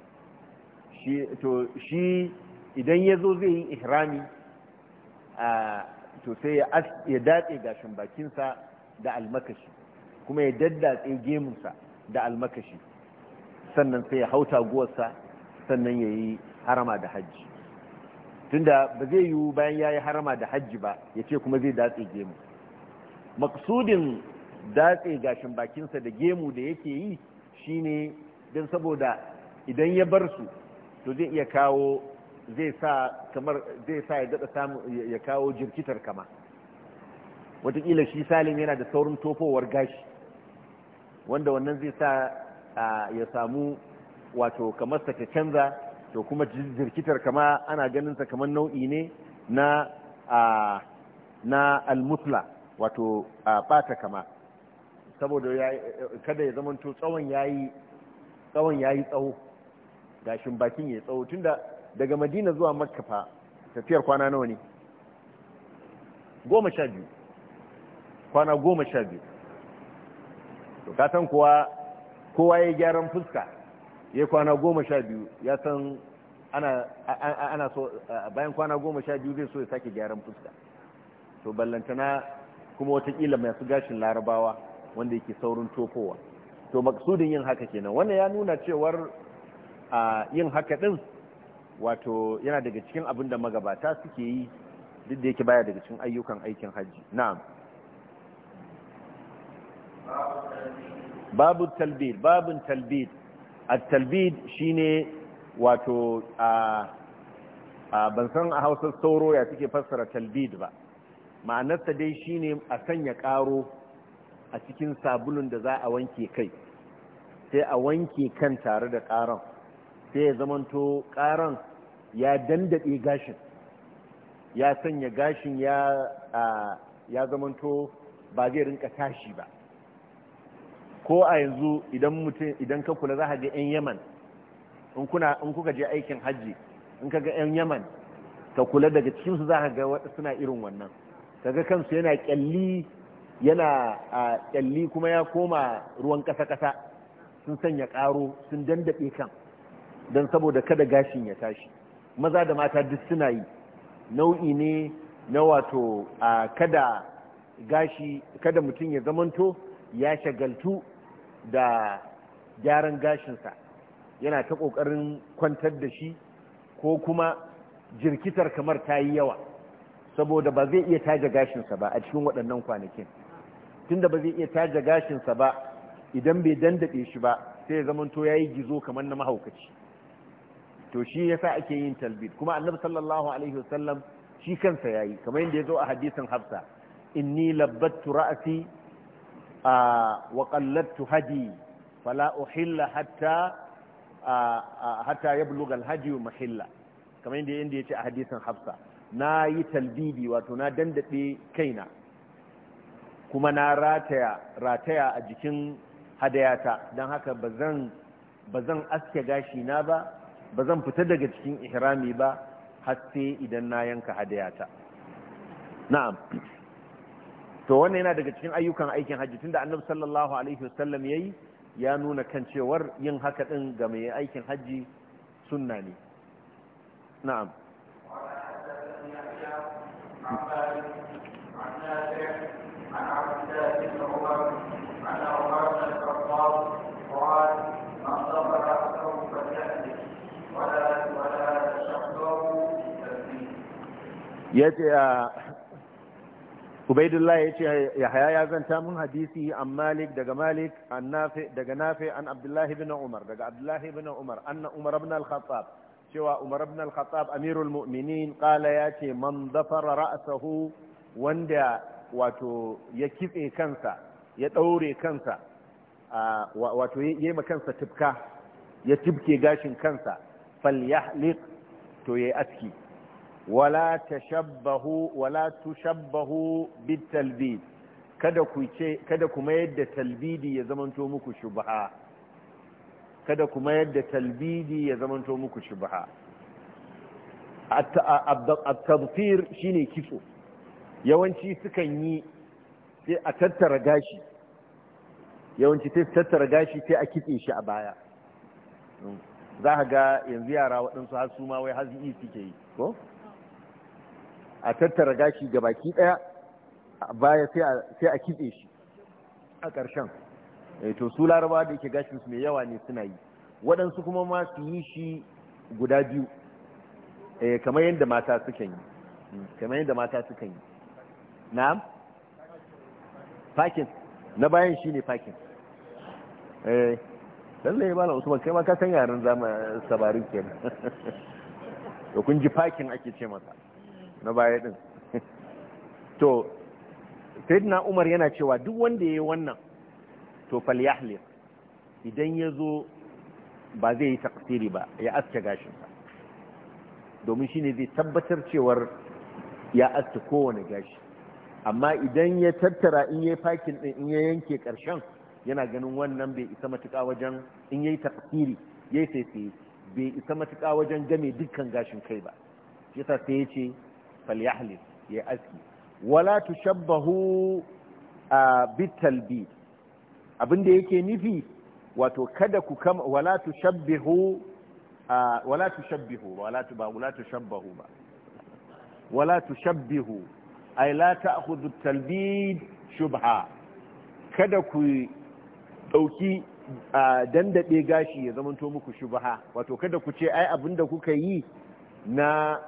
shi to shi idan yazo zai yi ihrami a to sai ya datse gashin bakinsa da almakashi kuma ya daddatse gemunsa da almakashi sannan sai ya hauta guwarsa sannan yayi harama da hajji tunda ba zai yiwu bayan ya yi harama da hajji ba ya ce kuma zai datse gemu maksudin datse gashin bakinsa da gemu da yake yi shine don saboda idan ya bar su to zai iya kawo zai sa kamar zai sa ya dada samu ya kawo jirkitar kama wataƙila shi salim yana da saurin tofowar gashi wanda wannan zai sa ya samu wato kamar ta canza to kuma jirkitar kama ana ganinsa kamar nau'i ne na na almutla wato bata kama saboda kada ya zamanto tsawon yayi tsawon yayi tsawo gashin bakin ya tsawo tunda daga madina zuwa makka fa tafiyar kwana nawa ne goma sha biyu kwana goma sha biyu to katon kuwa kowa ya gyaran fuska ya kwana goma sha biyu ya san ana so bayan kwana goma sha biyu zai so ya sake gyaran fuska to ballantana kuma watakila masu gashin larabawa wanda yake saurin tofowa to maksudin yin haka kenan wannan ya nuna cewar yin haka din wato yana daga cikin abin da magabata suke yi duk da yake baya daga cikin ayyukan aikin hajji na'am babu talbid babun talbid at-talbid shine wato a ban san a Hausa sauro ya suke fassara talbid ba ma'anarsa dai shine a sanya karo a cikin sabulun da za a wanke kai sai a wanke kan tare da ƙaran sai ya zamanto ƙaran ya dandade gashin ya sanya gashin ya zamanto ba zai rinka tashi ba ko a yanzu idan mutum idan ka kula za a ga 'yan yaman in kuka je aikin hajji in ka ga 'yan yaman ka kula daga cikinsu za a ga suna irin wannan kaga kansu yana kyalli yana a kyalli kuma ya koma ruwan ƙasa-ƙasa sun sanya ƙaro sun dandaɓe kan don saboda kada gashin ya tashi maza da mata duk suna yi nau'i ne na wato a kada gashi kada mutum ya zamanto ya shagaltu da gyaran gashinsa yana ta ƙoƙarin kwantar da shi ko kuma jirkitar kamar ta yi yawa saboda ba zai iya taje gashinsa ba a cikin waɗannan kwanakin tunda ba zai iya taja gashinsa ba idan bai dandaɗe shi ba sai ya zamanto ya yi gizo kamar na mahaukaci to shi ya sa ake yin talbid kuma annabi sallallahu alaihi wasallam shi kansa ya yi kamar yadda ya zo a hadisin hafsa inni labbatu ra'asi wa qallattu hadi fala uhilla hatta hatta yablugha hadi mahilla kamar yadda ya ce a hadisin hafsa na yi talbidi wato na dandade kaina kuma na rataya rataya a jikin hadayata don haka ba zan aske gashi na ba ba zan fita daga cikin ihrami ba har idan na yanka hadayata na'am to wannan yana daga cikin ayyukan aikin hajji tunda annabi sallallahu alaihi wasallam yayi ya nuna kan cewar yin haka din ga mai aikin hajji sunna ne na'am ya ah, ubaidullah ya ce yahaya ya zanta mun hadisi an malik daga malik an nafi daga nafe an abdullahi ibn umar daga abdullahi ibn umar anna umar ibn al-khattab cewa umar ibn al-khattab amirul mu'minin qala ya ce man dhafara ra'sahu wanda wato ya kitse kansa ya daure kansa wato ya yayi kansa tifka ya tibke gashin kansa falyahliq to yayi aski wala tashabbahu wala tushabbahu bitalbid kada ku ce kada kuma yadda talbidi ya zamanto muku shubha kada kuma yadda talbidi ya zamanto muku shubha at-tadfir shine kitso yawanci sukan yi sai a tattara gashi yawanci sai tattara gashi sai a kitse shi a baya za ga yanzu yara waɗansu har su ma wai hazi'i suke e yi ko a tattara gashi ga baki ɗaya baya sai a kitse shi a ƙarshen eh, to su laraba da yake gashin su mai yawa ne suna yi waɗansu kuma ma su yi shi guda biyu eh, kamar yadda mata sukan yi hmm, kamar yadda mata sukan yi na pakin na bayan shi ne pakin eh lallai ba na usman kai ma ka san yaren zama sabarin kenan da kun ji pakin ake ce masa na baya din to sayyidina umar yana cewa duk wanda ya yi wannan to falyahlir idan ya zo ba zai yi taksiri ba ya aske gashinsa domin shine zai tabbatar cewar ya aske kowane gashi amma idan ya tattara in ya fakin din in ya yanke ƙarshen yana ganin wannan bai isa matuƙa wajen in ya yi taksiri ya yi bai isa matuka wajen game dukkan gashin kai ba yasa sai ya ce falyahlif ya aski wala tushabbahu bitalbi abinda yake nufi wato kada ku kama wala tushabbihu wala tushabbihu wala ba wala tushabbahu ba wala tushabbihu ay la ta'khudhu at-talbid shubha kada ku dauki dandade gashi ya to muku shubha wato kada ku ce ai abinda kuka yi na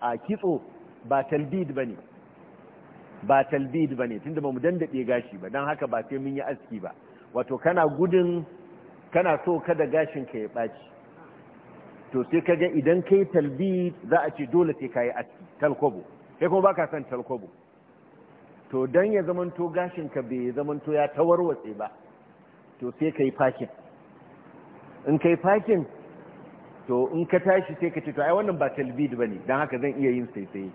a kitso ba talbid ba ne ba talbid ba ne tunda ba mu dandaɗe gashi ba don haka ba sai mun yi aski ba wato kana gudun kana so kada gashin ka ya ɓaci to sai ka ga idan kai talbid za a ce dole sai ka yi aski talkobo sai kuma baka son talkobo to don ya zamanto gashin ka bai zamanto ya tawarwatse ba to sai ka yi fakin in ka yi fakin to in ka tashi sai ka ce to ai wannan ba talbid bane dan haka zan iya yin saisaye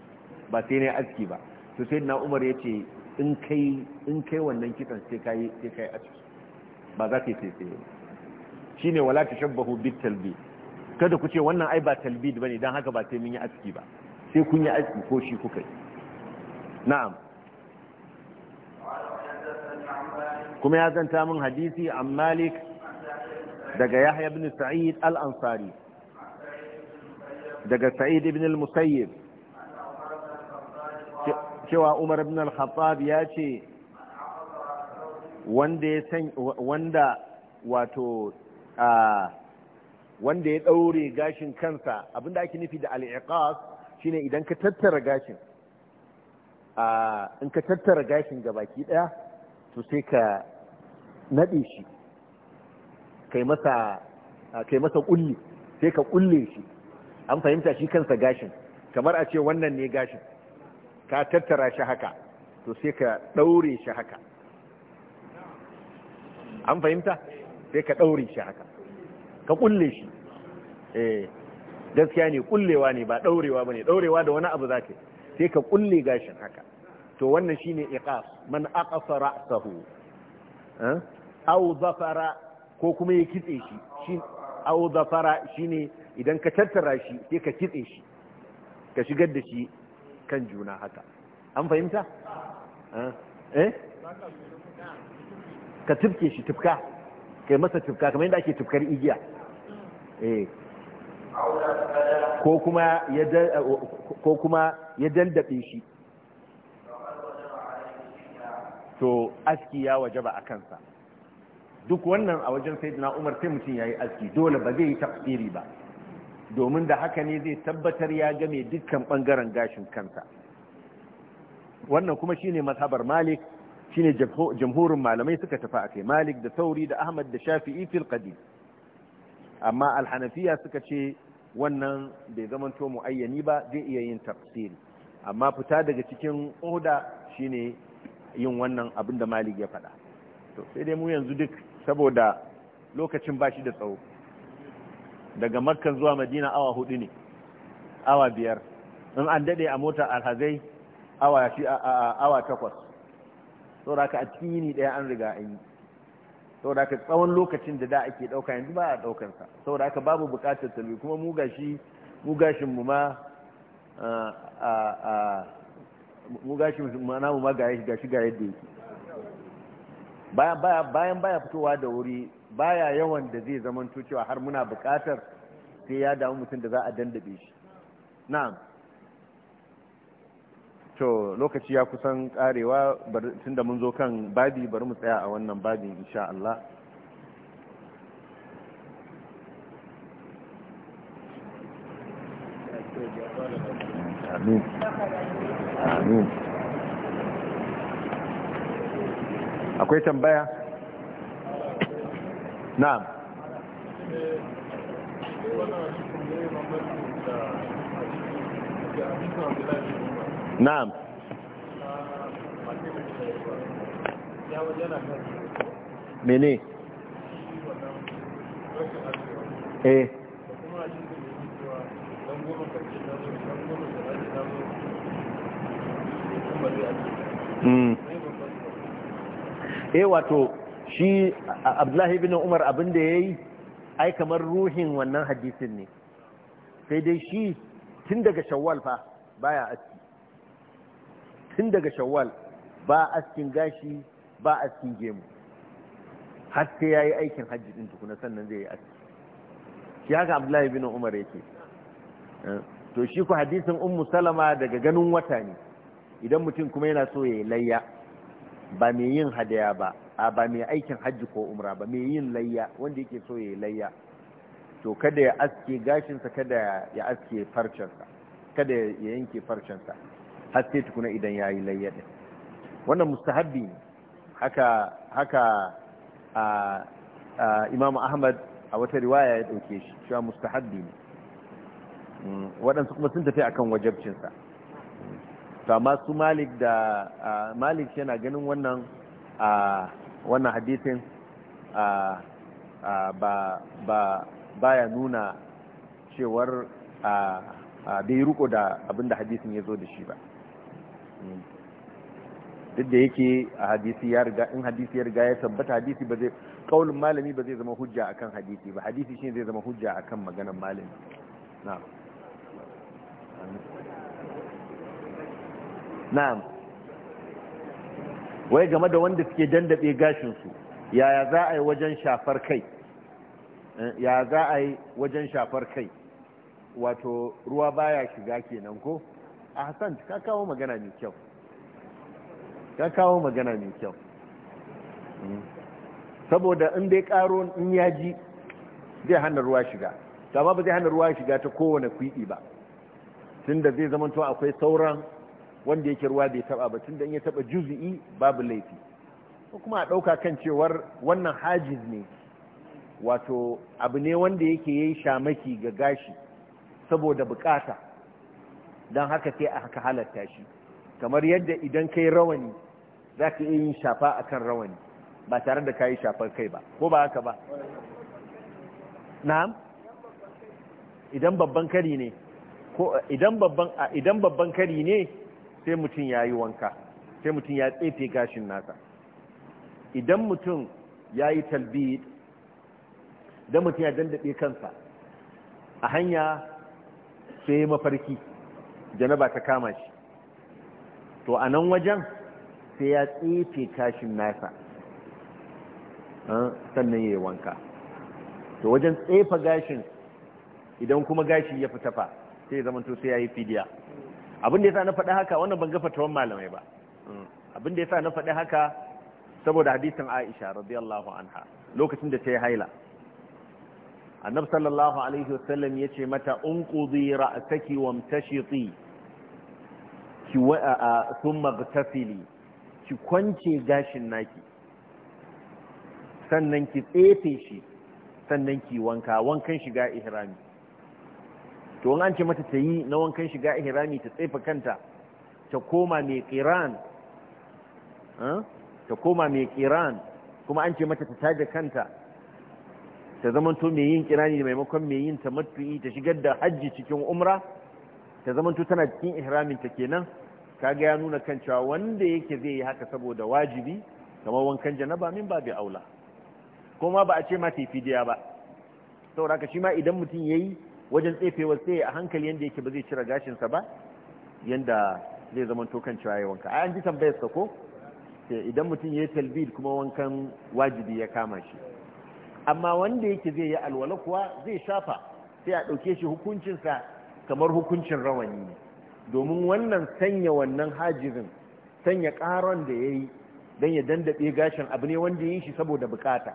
ba sai ne aski ba to sai na Umar yace in kai in kai wannan kitan sai kai sai kai aski ba za ka yi saisaye shine wala tashabbahu bit talbid kada ku ce wannan ai ba talbid bane dan haka ba sai mun yi aski ba sai kun yi aski ko shi kuka yi na'am kuma ya zanta min hadisi an malik daga yahya ibn sa'id al-ansari daga sa'id ibn al-musayyib cewa umar ibn al-khattab ya ce wanda ya san wanda wato wanda ya daure gashin kansa abinda ake nufi da al-iqas shine idan ka tattara gashin in ka tattara gashin gabaki daya to sai ka nade shi kai masa kai masa kulli sai ka kulle shi an fahimta shi kansa gashin kamar a ce wannan ne gashin ka tattara shi haka to sai ka ɗaure shi haka an fahimta sai ka ɗaure shi haka ka ƙulle shi eh gaskiya ne ƙullewa ne ba ɗaurewa ba ne ɗaurewa da wani abu za ka sai ka ƙulle gashin haka to wannan shi ne iqas man aqasa ra'sahu eh, au zafara ko kuma ya kitse shi au zafara shine idan ka tattara shi sai ka kitse shi ka shigar da shi kan juna haka an fahimta eh, eh? ka tufke shi tufka kai masa tufka kamar yadda ake tufkar igiya eh ko kuma ya dandaɓe shi to aski ya waje ba a kansa duk wannan a wajen na Umar sai mutum ya yi aski dole ba zai yi tafsiri ba domin da haka ne zai tabbatar ya game dukkan bangaren gashin kansa wannan kuma shine mazhabar malik shine jamhurin malamai suka tafi a kai malik da sauri da ahmad da shafi'i fil qadim amma alhanafiya suka ce wannan bai zamanto ayyani ba zai iya yin tafsiri amma fita daga cikin oda shine yin wannan abin da malik ya faɗa to sai dai mu yanzu duk saboda lokacin bashi da tsawo daga makkan zuwa madina awa hudu ne awa biyar in an dade a mota alhazai awa shi awa takwas saboda ka a cikin yini daya an riga an yi saboda haka tsawon lokacin da da ake dauka yanzu ba a daukar sa saboda haka babu bukatar talbi kuma mu gashi mu gashin mu ma a mu na mu ma gashi gashi ga yadda yake bayan baya fitowa da wuri baya yawan da zai zaman cewa har muna buƙatar sai ya damu mutum da za a dandabe shi na'am to lokaci ya kusan karewa tun da mun zo kan babi bari mu tsaya a wannan babin insha Allah akwai tambaya na'am na'am mene eh hmm. eh wato shi abdullahi bin umar abin da ya yi ai kamar ruhin wannan hadisin ne sai dai shi tun daga shawwal fa baya aski tun daga shawwal ba askin gashi ba askin gemu har sai ya yi aikin hajji din tukuna sannan zai yi aski shi haka abdullahi bin umar yake eh, to shi ku hadisin ummu salama daga ganin wata ne idan mutum kuma yana so ya yi layya ba mai yin hadaya ba a ba mai aikin hajji ko umra ba mai yin layya wanda yake so ya yi layya to kada ya aske gashinsa kada ya aske farcensa kada ya yanke farcensa har sai tukuna idan ya yi layya ɗin wannan mustahabbi ne haka haka a imamu ahmad a wata riwaya ya ɗauke shi cewa mustahabbi ne mm, waɗansu kuma sun tafi akan wajabcinsa to amma su malik da malik yana ganin wannan a wannan hadisin ba ya nuna cewar bai ruko da abinda hadisin ya zo da shi ba hmm. duk da yake a hadisi ya riga in hadisi ya riga ya tabbata hadisi ba zai kaulin malami ba zai zama hujja akan hadisi ba hadisi shine zai zama hujja akan maganar malami na'am na'am wai game da wanda suke dandabe gashinsu yaya za a yi wajen shafar kai eh, ya za a yi wajen shafar kai wato ruwa baya shiga kenan ko a ah, hassan ka kawo magana mai kyau ka kawo magana mai kyau hmm. saboda in dai karo in yaji zai hana ruwa shiga ta ba zai hana ruwa shiga ta kowane kwiɗi ba tun da zai zama akwai sauran wanda yake ruwa bai taba ba tunda in ya taba juzi'i babu laifi ko kuma a ɗauka kan cewar wannan hajiz ne wato abu ne wanda yake yayi shamaki ga gashi saboda bukata don haka sai a haka halatta shi kamar yadda idan kai rawani za ka iya shafa akan rawani ba tare da ka shafar kai ba ko ba haka ba na'am idan babban kari ne ko idan babban idan babban kari ne sai mutum ya yi wanka sai mutum ya tsefe gashin nasa idan mutum ya yi talbid idan mutum ya dandaɗe kansa a hanya sai ya mafarki janaba ta kama shi to a nan wajen sai ya tsefe gashin nasa ah, sannan ya yi wanka to wajen tsefa gashin idan kuma gashi ya fi tafa sai ya to sai ya yi fidiya abin da ya sa na faɗi haka wannan ban ga fatawar malamai ba mm. abin da ya sa na faɗi haka saboda hadisin Aisha radiyallahu anha lokacin da ta yi haila annab sallallahu alaihi wasallam ya ce mata unqudi ra'saki wamtashiti ki wa thumma ki kwance gashin naki sannan ki tsefe shi sannan ki wanka wankan shiga ihrami to an ce mata ta yi na wankan shiga ihrami ta tsaifa kanta ta koma mai qiran ta koma mai qiran kuma an ce mata ta taje kanta ta zamanto mai yin kirani da maimakon mai yin tamattu'i ta shigar da hajji cikin umra ta zamanto tana cikin ihramin ta kenan kaga ya nuna kan cewa wanda yake zai yi haka saboda wajibi kamar wankan janaba min babu aula kuma ba a ce ma tafi diya ba saboda haka shi ma idan mutum yayi wajen tsefewar sai a hankali yadda yake ba zai cire gashinsa ba yadda zai zama tokan cewa ya wanka an ji tambayar sa ko idan mutum ya yi talbid kuma wankan wajibi ya kama shi amma wanda yake zai yi alwala kuwa zai shafa sai a ɗauke shi hukuncinsa kamar hukuncin rawani ne domin wannan sanya wannan hajirin sanya ƙaron da ya yi don ya dandaɓe gashin abu ne wanda ya yi shi saboda bukata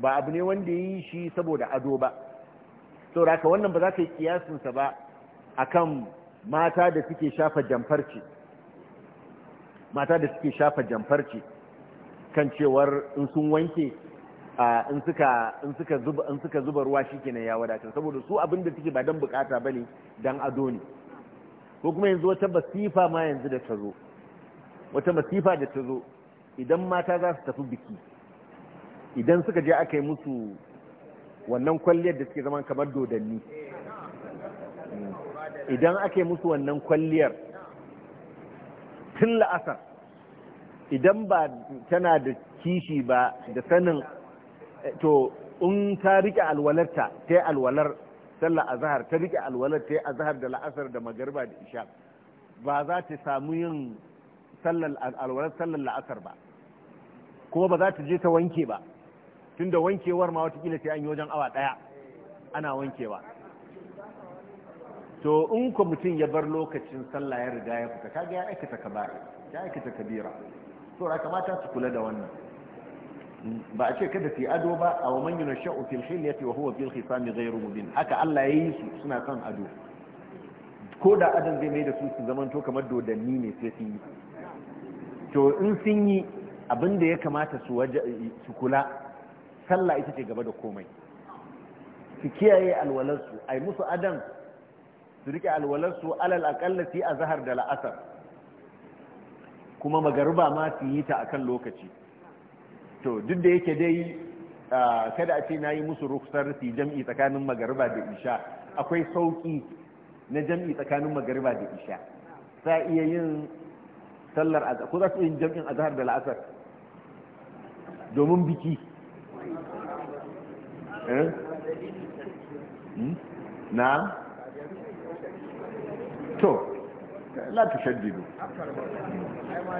ba abu ne wanda ya yi shi saboda ado ba saura ka wannan ba za ka yi kiyasinsa ba a kan mata da suke shafa jamfarci mata da suke shafa jamfarci kan cewar in sun wanke in suka zuba ruwa shi kenan ya wadatar saboda su abin da suke ba don bukata ba ne don ado ne ko kuma yanzu wata masifa ma yanzu da ta zo wata masifa da ta zo idan mata za su tafi biki idan suka je aka yi musu wannan kwalliyar da suke zama kamar dodanni hmm. idan ake musu wannan kwalliyar tun la'asar idan ba tana da kishi ba da sanin eh, to in ta rike alwalarta ta yi alwalar sallar azahar ta rike alwalar ta yi azahar da la'asar da magarba da isha ba za ta samu yin alwalar sallar la'asar ba kuma ba za ta je ta wanke ba tunda wankewar ma watakila sai an yi wajen awa daya ana wankewa to in ku mutum ya bar lokacin sallah ya riga ya fita kaga ya aikata kabari ya aikata kabira to ra kamata su kula da wannan ba a ce kada su yi ado ba a wa man yuna sha'u fil hilyati wa huwa bil khisami ghayru mubin haka Allah ya yi su suna kan ado ko da adon zai mai da su su zamanto kamar dodanni ne sai sun yi to in sun yi abin ya kamata su kula sallah ita ce gaba da komai su kiyaye alwalarsu ai musu adam su rike alwalarsu alal akalla fi azhar a zahar da la'asar kuma magariba ma su yi ta akan lokaci to duk da yake dai kada a ce na yi musu rukusar su jam'i tsakanin magariba da isha akwai sauƙi na jam'i tsakanin magariba da isha za iya yin sallar azhar ko za su yin jam'in azhar da la'asar domin biki Eh? Hmm? na to la tun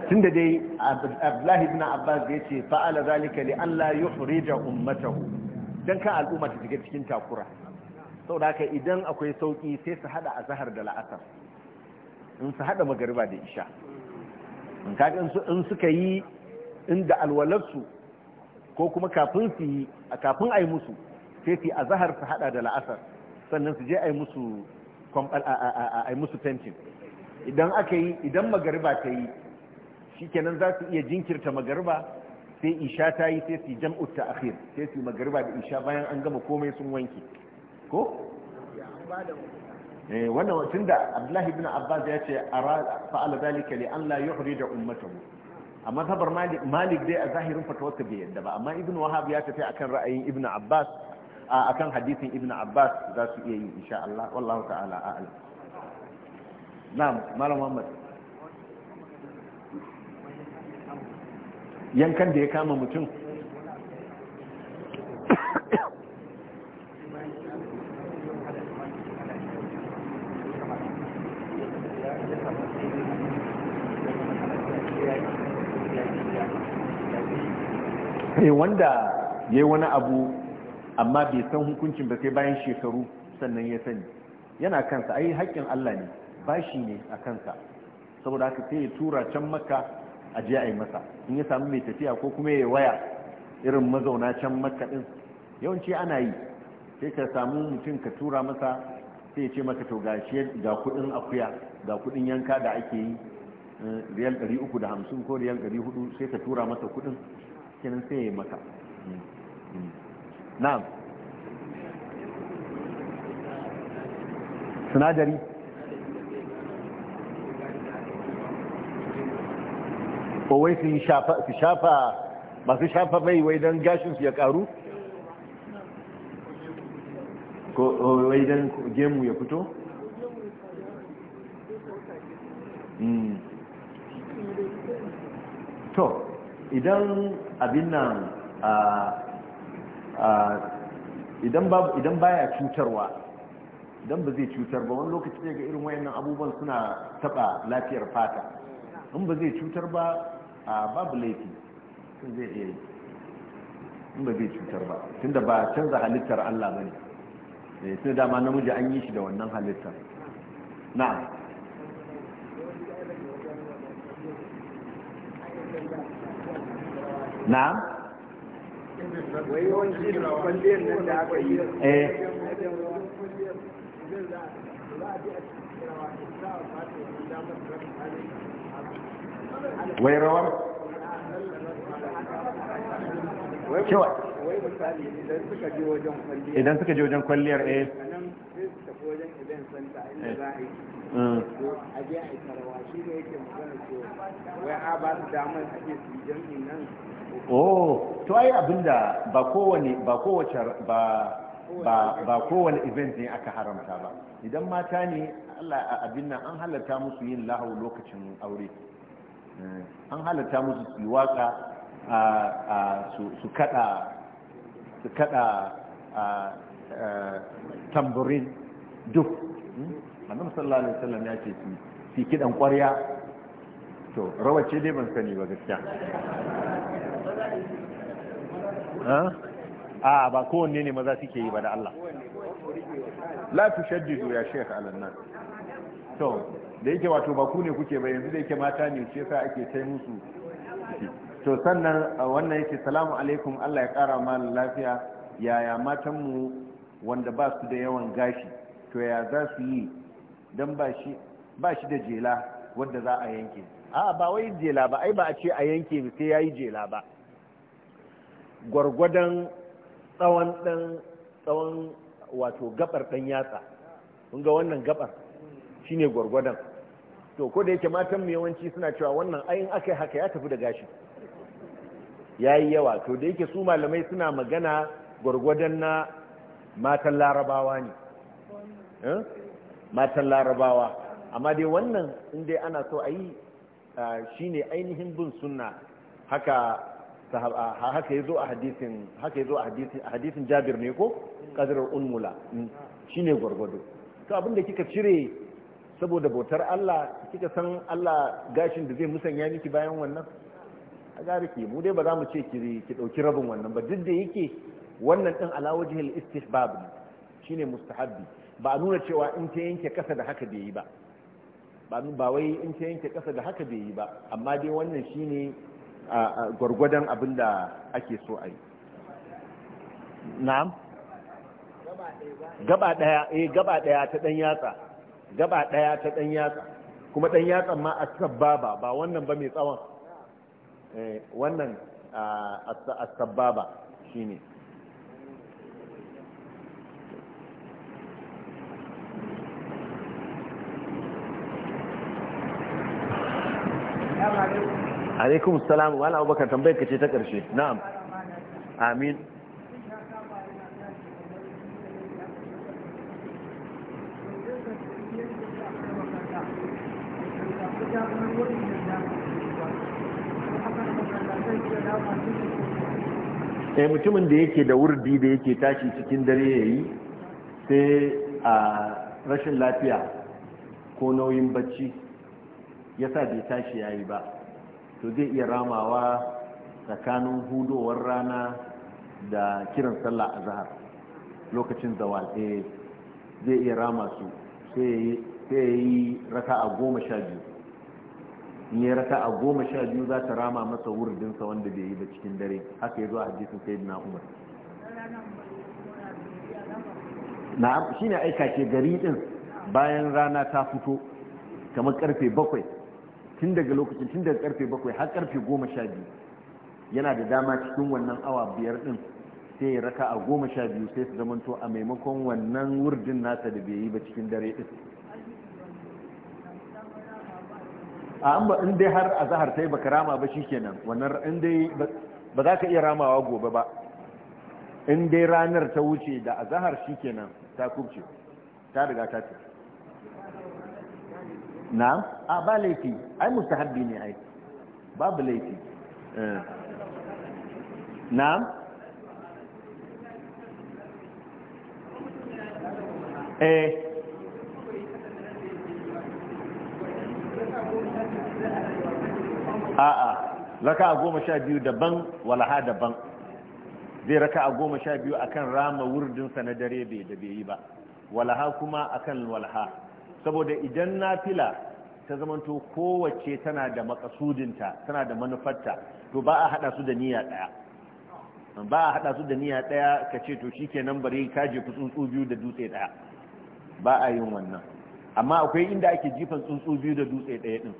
tunda dai Abdullahi ibn Abbas ya ce fa'ala zalika li Allah la yukhrija ummatahu dan kan al'umma ta shiga cikin takura saboda kai idan akwai sauki sai su hada azhar da la'asar in su hada magariba da isha in su in suka yi inda alwalarsu ko kuma kafin su yi kafin ai musu sai a zahar su hada da la'asar sannan su je ai musu ai musu fentin idan aka yi idan magariba ta yi shikenan za su iya jinkirta magariba sai isha ta yi sai su jam'u ta akhir sai su magariba da isha bayan an gama komai sun wanke ko eh, wannan tun da abdullahi ibn abbas ya ce fa'ala zalika li an la yuhri da ummatahu amma sabar malik dai a zahirin fatawarsa bai da ba amma ibn wahab ya tafi akan ra'ayin ibn abbas a akan hadisin ibn abbas za su iya yi insha Allah wallahu ta'ala a'lam na'am malam muhammad yankan da ya kama mutum wanda ya yi wani abu amma bai san hukuncin ba sai bayan shekaru sannan ya sani yana kansa ai haƙƙin Allah ne bashi ne a kansa saboda haka sai ya tura can makka a je a yi masa in ya samu mai tafiya ko kuma ya waya irin mazauna can makka din yawanci ana yi sai ka samu mutum ka tura masa sai ya ce maka to ga ga kudin akuya ga kudin yanka da ake yi eh, riyal 350 ko riyal 400 sai ka tura masa kudin kenan sai ya yi maka hmm. Hmm. na'am sinadari wai su shafa masu shafa mai wai don gashinsu ya karu? ko wai don gemu ya fito? Hmm. to idan abin nan a ah, idan ba ya cutarwa idan ba zai cutar ba wani lokaci ne ga irin wayannan abubuwan suna taba lafiyar fata in ba zai cutar ba babu laifi sun zai iya yi in ba zai cutar ba tunda ba canza halittar Allah ba ne suna eh, dama namiji an yi shi da wannan halittar na. na wai yawanci kwalliyar nan da aka yi eh wai rawar cewa idan suka je wajen kwalliyar eh aje a tarawa shi ne yake magana cewa wai a ba su damar ake su jami'in nan oh to ai abinda ba kowane ba kowace ba ba ba kowane event ne aka haramta ba idan mata ne Allah a abin nan an halatta musu yin lahau lokacin aure hmm. an halatta musu su yi waka su kada su kada eh, tamburin duk hmm. annabi sallallahu alaihi wasallam ya ce su fi kidan ƙwarya to rawace dai ban sani ba gaskiya a ba kowanne ne maza suke yi ba da Allah la tushaddidu ya sheikh alanna to da yake wato ba ku ne kuke ba yanzu da yake mata ne shi yasa ake tai musu to sannan wannan yake salamu alaikum Allah ya kara mana lafiya yaya matan mu wanda ba su da yawan gashi to ya za su yi Dan ba shi da jela wadda za a yanke a ba wai jela ba ai ba a ce a yanke sai ya yi jela ba gwargwadon tsawon ɗan tsawon wato gabar ɗan yatsa kun ga wannan gabar shine gwargwadon to ko da yake matan yawanci suna cewa wannan ayin aka yi haka ya tafi da gashi ya yi yawa to da yake su malamai suna magana gwargwadon na matan larabawa ne eh? matan larabawa amma dai wannan inda ana so a yi shi ne ainihin bin suna haka haka ya zo a hadisun haka jabir ne ko ƙadirar unmula mm. shi ne gwargwado to abinda kika cire saboda bautar Allah kika san Allah gashin da zai musanya miki bayan wannan a gari ki mu dai ba za mu ce ki ɗauki rabin wannan ba duk da yake wannan ɗin alawajihil istihbab ne shine mustahabbi ba a nuna cewa in ta yanke kasa da haka bai yi ba ba wai in ta yanke kasa da haka bai yi ba amma dai wannan shine gwargwadon abin da ake so a yi na'am gaba daya eh gaba daya ta dan yatsa gaba daya ta dan yatsa kuma dan yatsan ma a sababa ba wannan ba mai tsawon eh wannan a sababa shine alaikum salam wala abubakar tambayar ka ce ta karshe na'am amin eh, mutumin da yake da wurdi da yake tashi cikin dare ya yi sai a rashin lafiya ko nauyin bacci sa bai tashi ya yi ba to zai iya ramawa tsakanin hudowar rana da kiran sallah a zahar lokacin zawal e zai iya rama su sai ya yi raka a goma sha biyu in yi raka a goma sha biyu za ta rama masa wurdinsa wanda bai yi ba cikin dare haka ya zo a hadisin na umar shi ne aika ke gari din bayan rana ta fito kamar karfe bakwai tun daga lokacin tun daga karfe bakwai har karfe goma sha biyu yana da dama cikin wannan awa biyar din sai ya raka a goma sha biyu sai su to a maimakon wannan wurdin nasa da bai yi ba cikin dare din a an ba in dai har a zahar sai baka rama ba shikenan wannan in dai ba za ka iya ramawa gobe ba in dai ranar ta wuce da a zahar shikenan ta kubce ta riga ta ce na a ah, ba laifi ai mustahabbi ne ai babu laifi eh. na eh a'a raka a goma sha biyu daban walaha daban zai raka a goma sha biyu akan rama wurdinsa na dare bai da bai yi ba walaha kuma akan walaha saboda idan nafila ta zamanto kowace tana da makasudinta tana da manufarta to ba a hada su da niyya daya ba a hada su da niyya daya ka ce to shi kenan bari ka ku tsuntsu biyu da dutse daya ba a yin wannan amma akwai inda ake jifan tsuntsu biyu da dutse daya din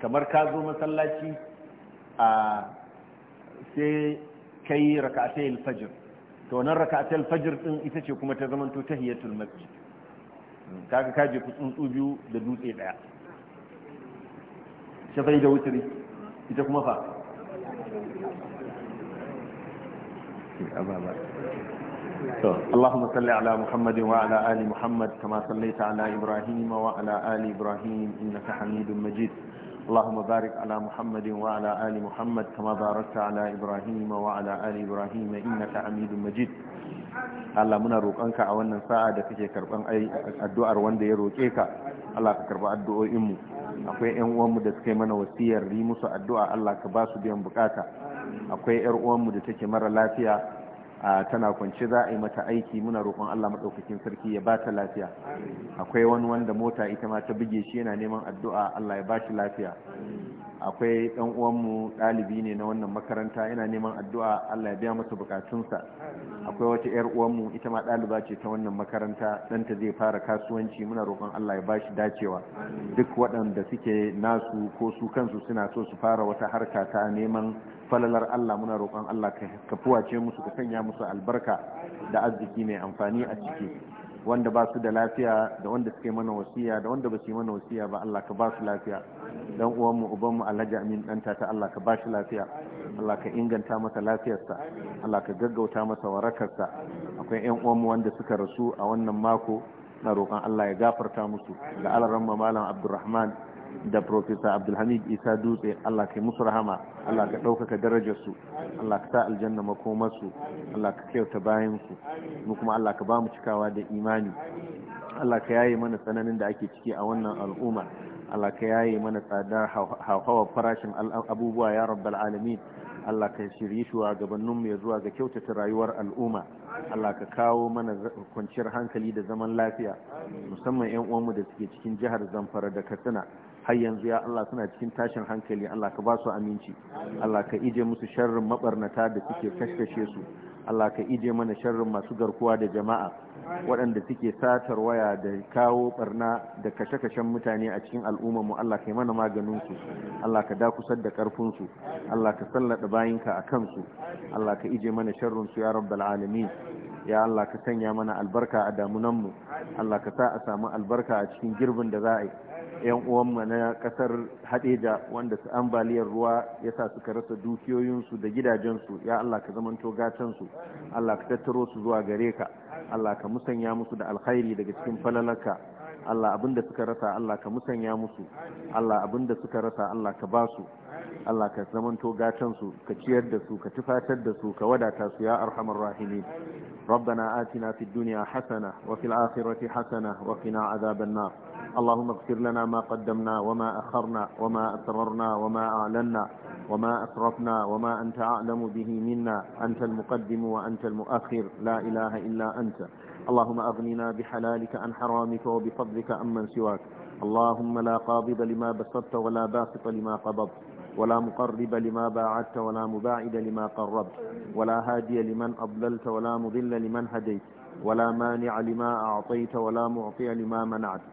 kamar ka zo masallaci a sai kai raka'atul fajr to wannan raka'atul fajr din ita ce kuma ta zamanto tahiyatul masjid kaga ka jefi tsuntsu biyu da dutse daya shafai da wuturi ita kuma fa اللهم صل على محمد وعلى آل محمد كما صليت على إبراهيم وعلى آل إبراهيم إنك حميد مجيد اللهم بارك على محمد وعلى آل محمد كما باركت على إبراهيم وعلى آل إبراهيم إنك حميد مجيد Allah muna roƙonka a wannan sa'a da kake karɓan addu'ar wanda ya roƙe ka Allah ka karɓi addu'o'inmu akwai ƴan uwanmu da suka yi mana wasiyar yi musu addu'a Allah ka ba su biyan bukata akwai ƴar da take mara lafiya tana kwance za a yi mata aiki muna roƙon Allah maɗaukakin sarki ya ba ta lafiya akwai wani wanda mota ita ma ta buge shi yana neman addu'a Allah ya ba shi lafiya akwai ɗan uwanmu ɗalibi ne na wannan makaranta yana neman addu'a Allah ya biya masa bukatunsa akwai wata ƴar uwanmu ita ma ɗaliba ce ta wannan makaranta ɗanta zai fara kasuwanci muna roƙon Allah ya ba shi dacewa duk waɗanda suke nasu ko su kansu suna so su fara wata harka ta neman falalar Allah muna roƙon Allah ka fuwace musu ka sanya musu albarka da arziki mai amfani a ciki wanda ba su da lafiya da wanda suke mana wasiya da wanda ba su yi mana wasiya ba Allah ka ba su lafiya dan uwan mu uban mu Alhaji Amin dan ta Allah ka ba shi lafiya Allah ka inganta masa lafiyarsa Allah ka gaggauta masa warakarsa akwai ƴan uwan mu wanda suka rasu a wannan mako na roƙon Allah ya gafarta musu da alaran malam Abdulrahman da Profesa Abdulhamid Isa Dutse Allah kai musu rahama Allah ka ɗaukaka darajarsu Allah ka sa aljanna makomarsu Allah ka kyauta bayansu mu kuma Allah ka ba mu cikawa da imani Allah ka yaye mana tsananin da ake ciki a wannan al'umma Allah ka yaye mana tsadar hawa farashin abubuwa ya rabbal alamin Allah ka shirye shi wa mu ya zuwa ga kyautata rayuwar al'umma Allah ka kawo mana kwanciyar hankali da zaman lafiya musamman 'yan uwanmu da suke cikin jihar Zamfara da Katsina har yanzu ya Allah suna cikin tashin hankali Allah ka ba su aminci Allah ka ije musu sharrin mabarnata da suke kashkashe su Allah ka ije mana sharrin masu garkuwa da jama'a waɗanda suke satar waya da kawo barna da kashe-kashen mutane a cikin al'ummar mu Allah yi mana maganin su Allah ka dakusar da karfin su Allah ka sallada bayinka a kansu Allah ka ije mana sharrin su ya rabbal alamin ya Allah ka sanya mana albarka a damunan mu Allah ka sa a samu albarka a cikin girbin da za a yi yan uwanmu na kasar hadeja wanda su ambaliyar ruwa ya sa suka rasa dukiyoyinsu da gidajensu ya Allah ka zamanto gatansu Allah ka tattaro su zuwa gare ka Allah ka musanya musu da alkhairi daga cikin falalarka Allah abinda suka rasa Allah ka musanya musu Allah abinda suka rasa Allah ka ba su Allah ka zamanto gatan su ka ciyar da su ka tufatar da su ka wadata su ya arhamar rahimin ربنا آتنا في الدنيا حسنة وفي الآخرة حسنة وقنا عذاب النار اللهم اغفر لنا ما قدمنا وما أخرنا وما أسررنا وما أعلنا وما أسرفنا وما أنت أعلم به منا أنت المقدم وأنت المؤخر لا إله إلا أنت اللهم أغننا بحلالك عن حرامك وبفضلك عن من سواك اللهم لا قابض لما بسطت ولا باسط لما قبضت ولا مقرب لما باعدت ولا مباعد لما قربت ولا هادي لمن أضللت ولا مضل لمن هديت ولا مانع لما أعطيت ولا معطي لما منعت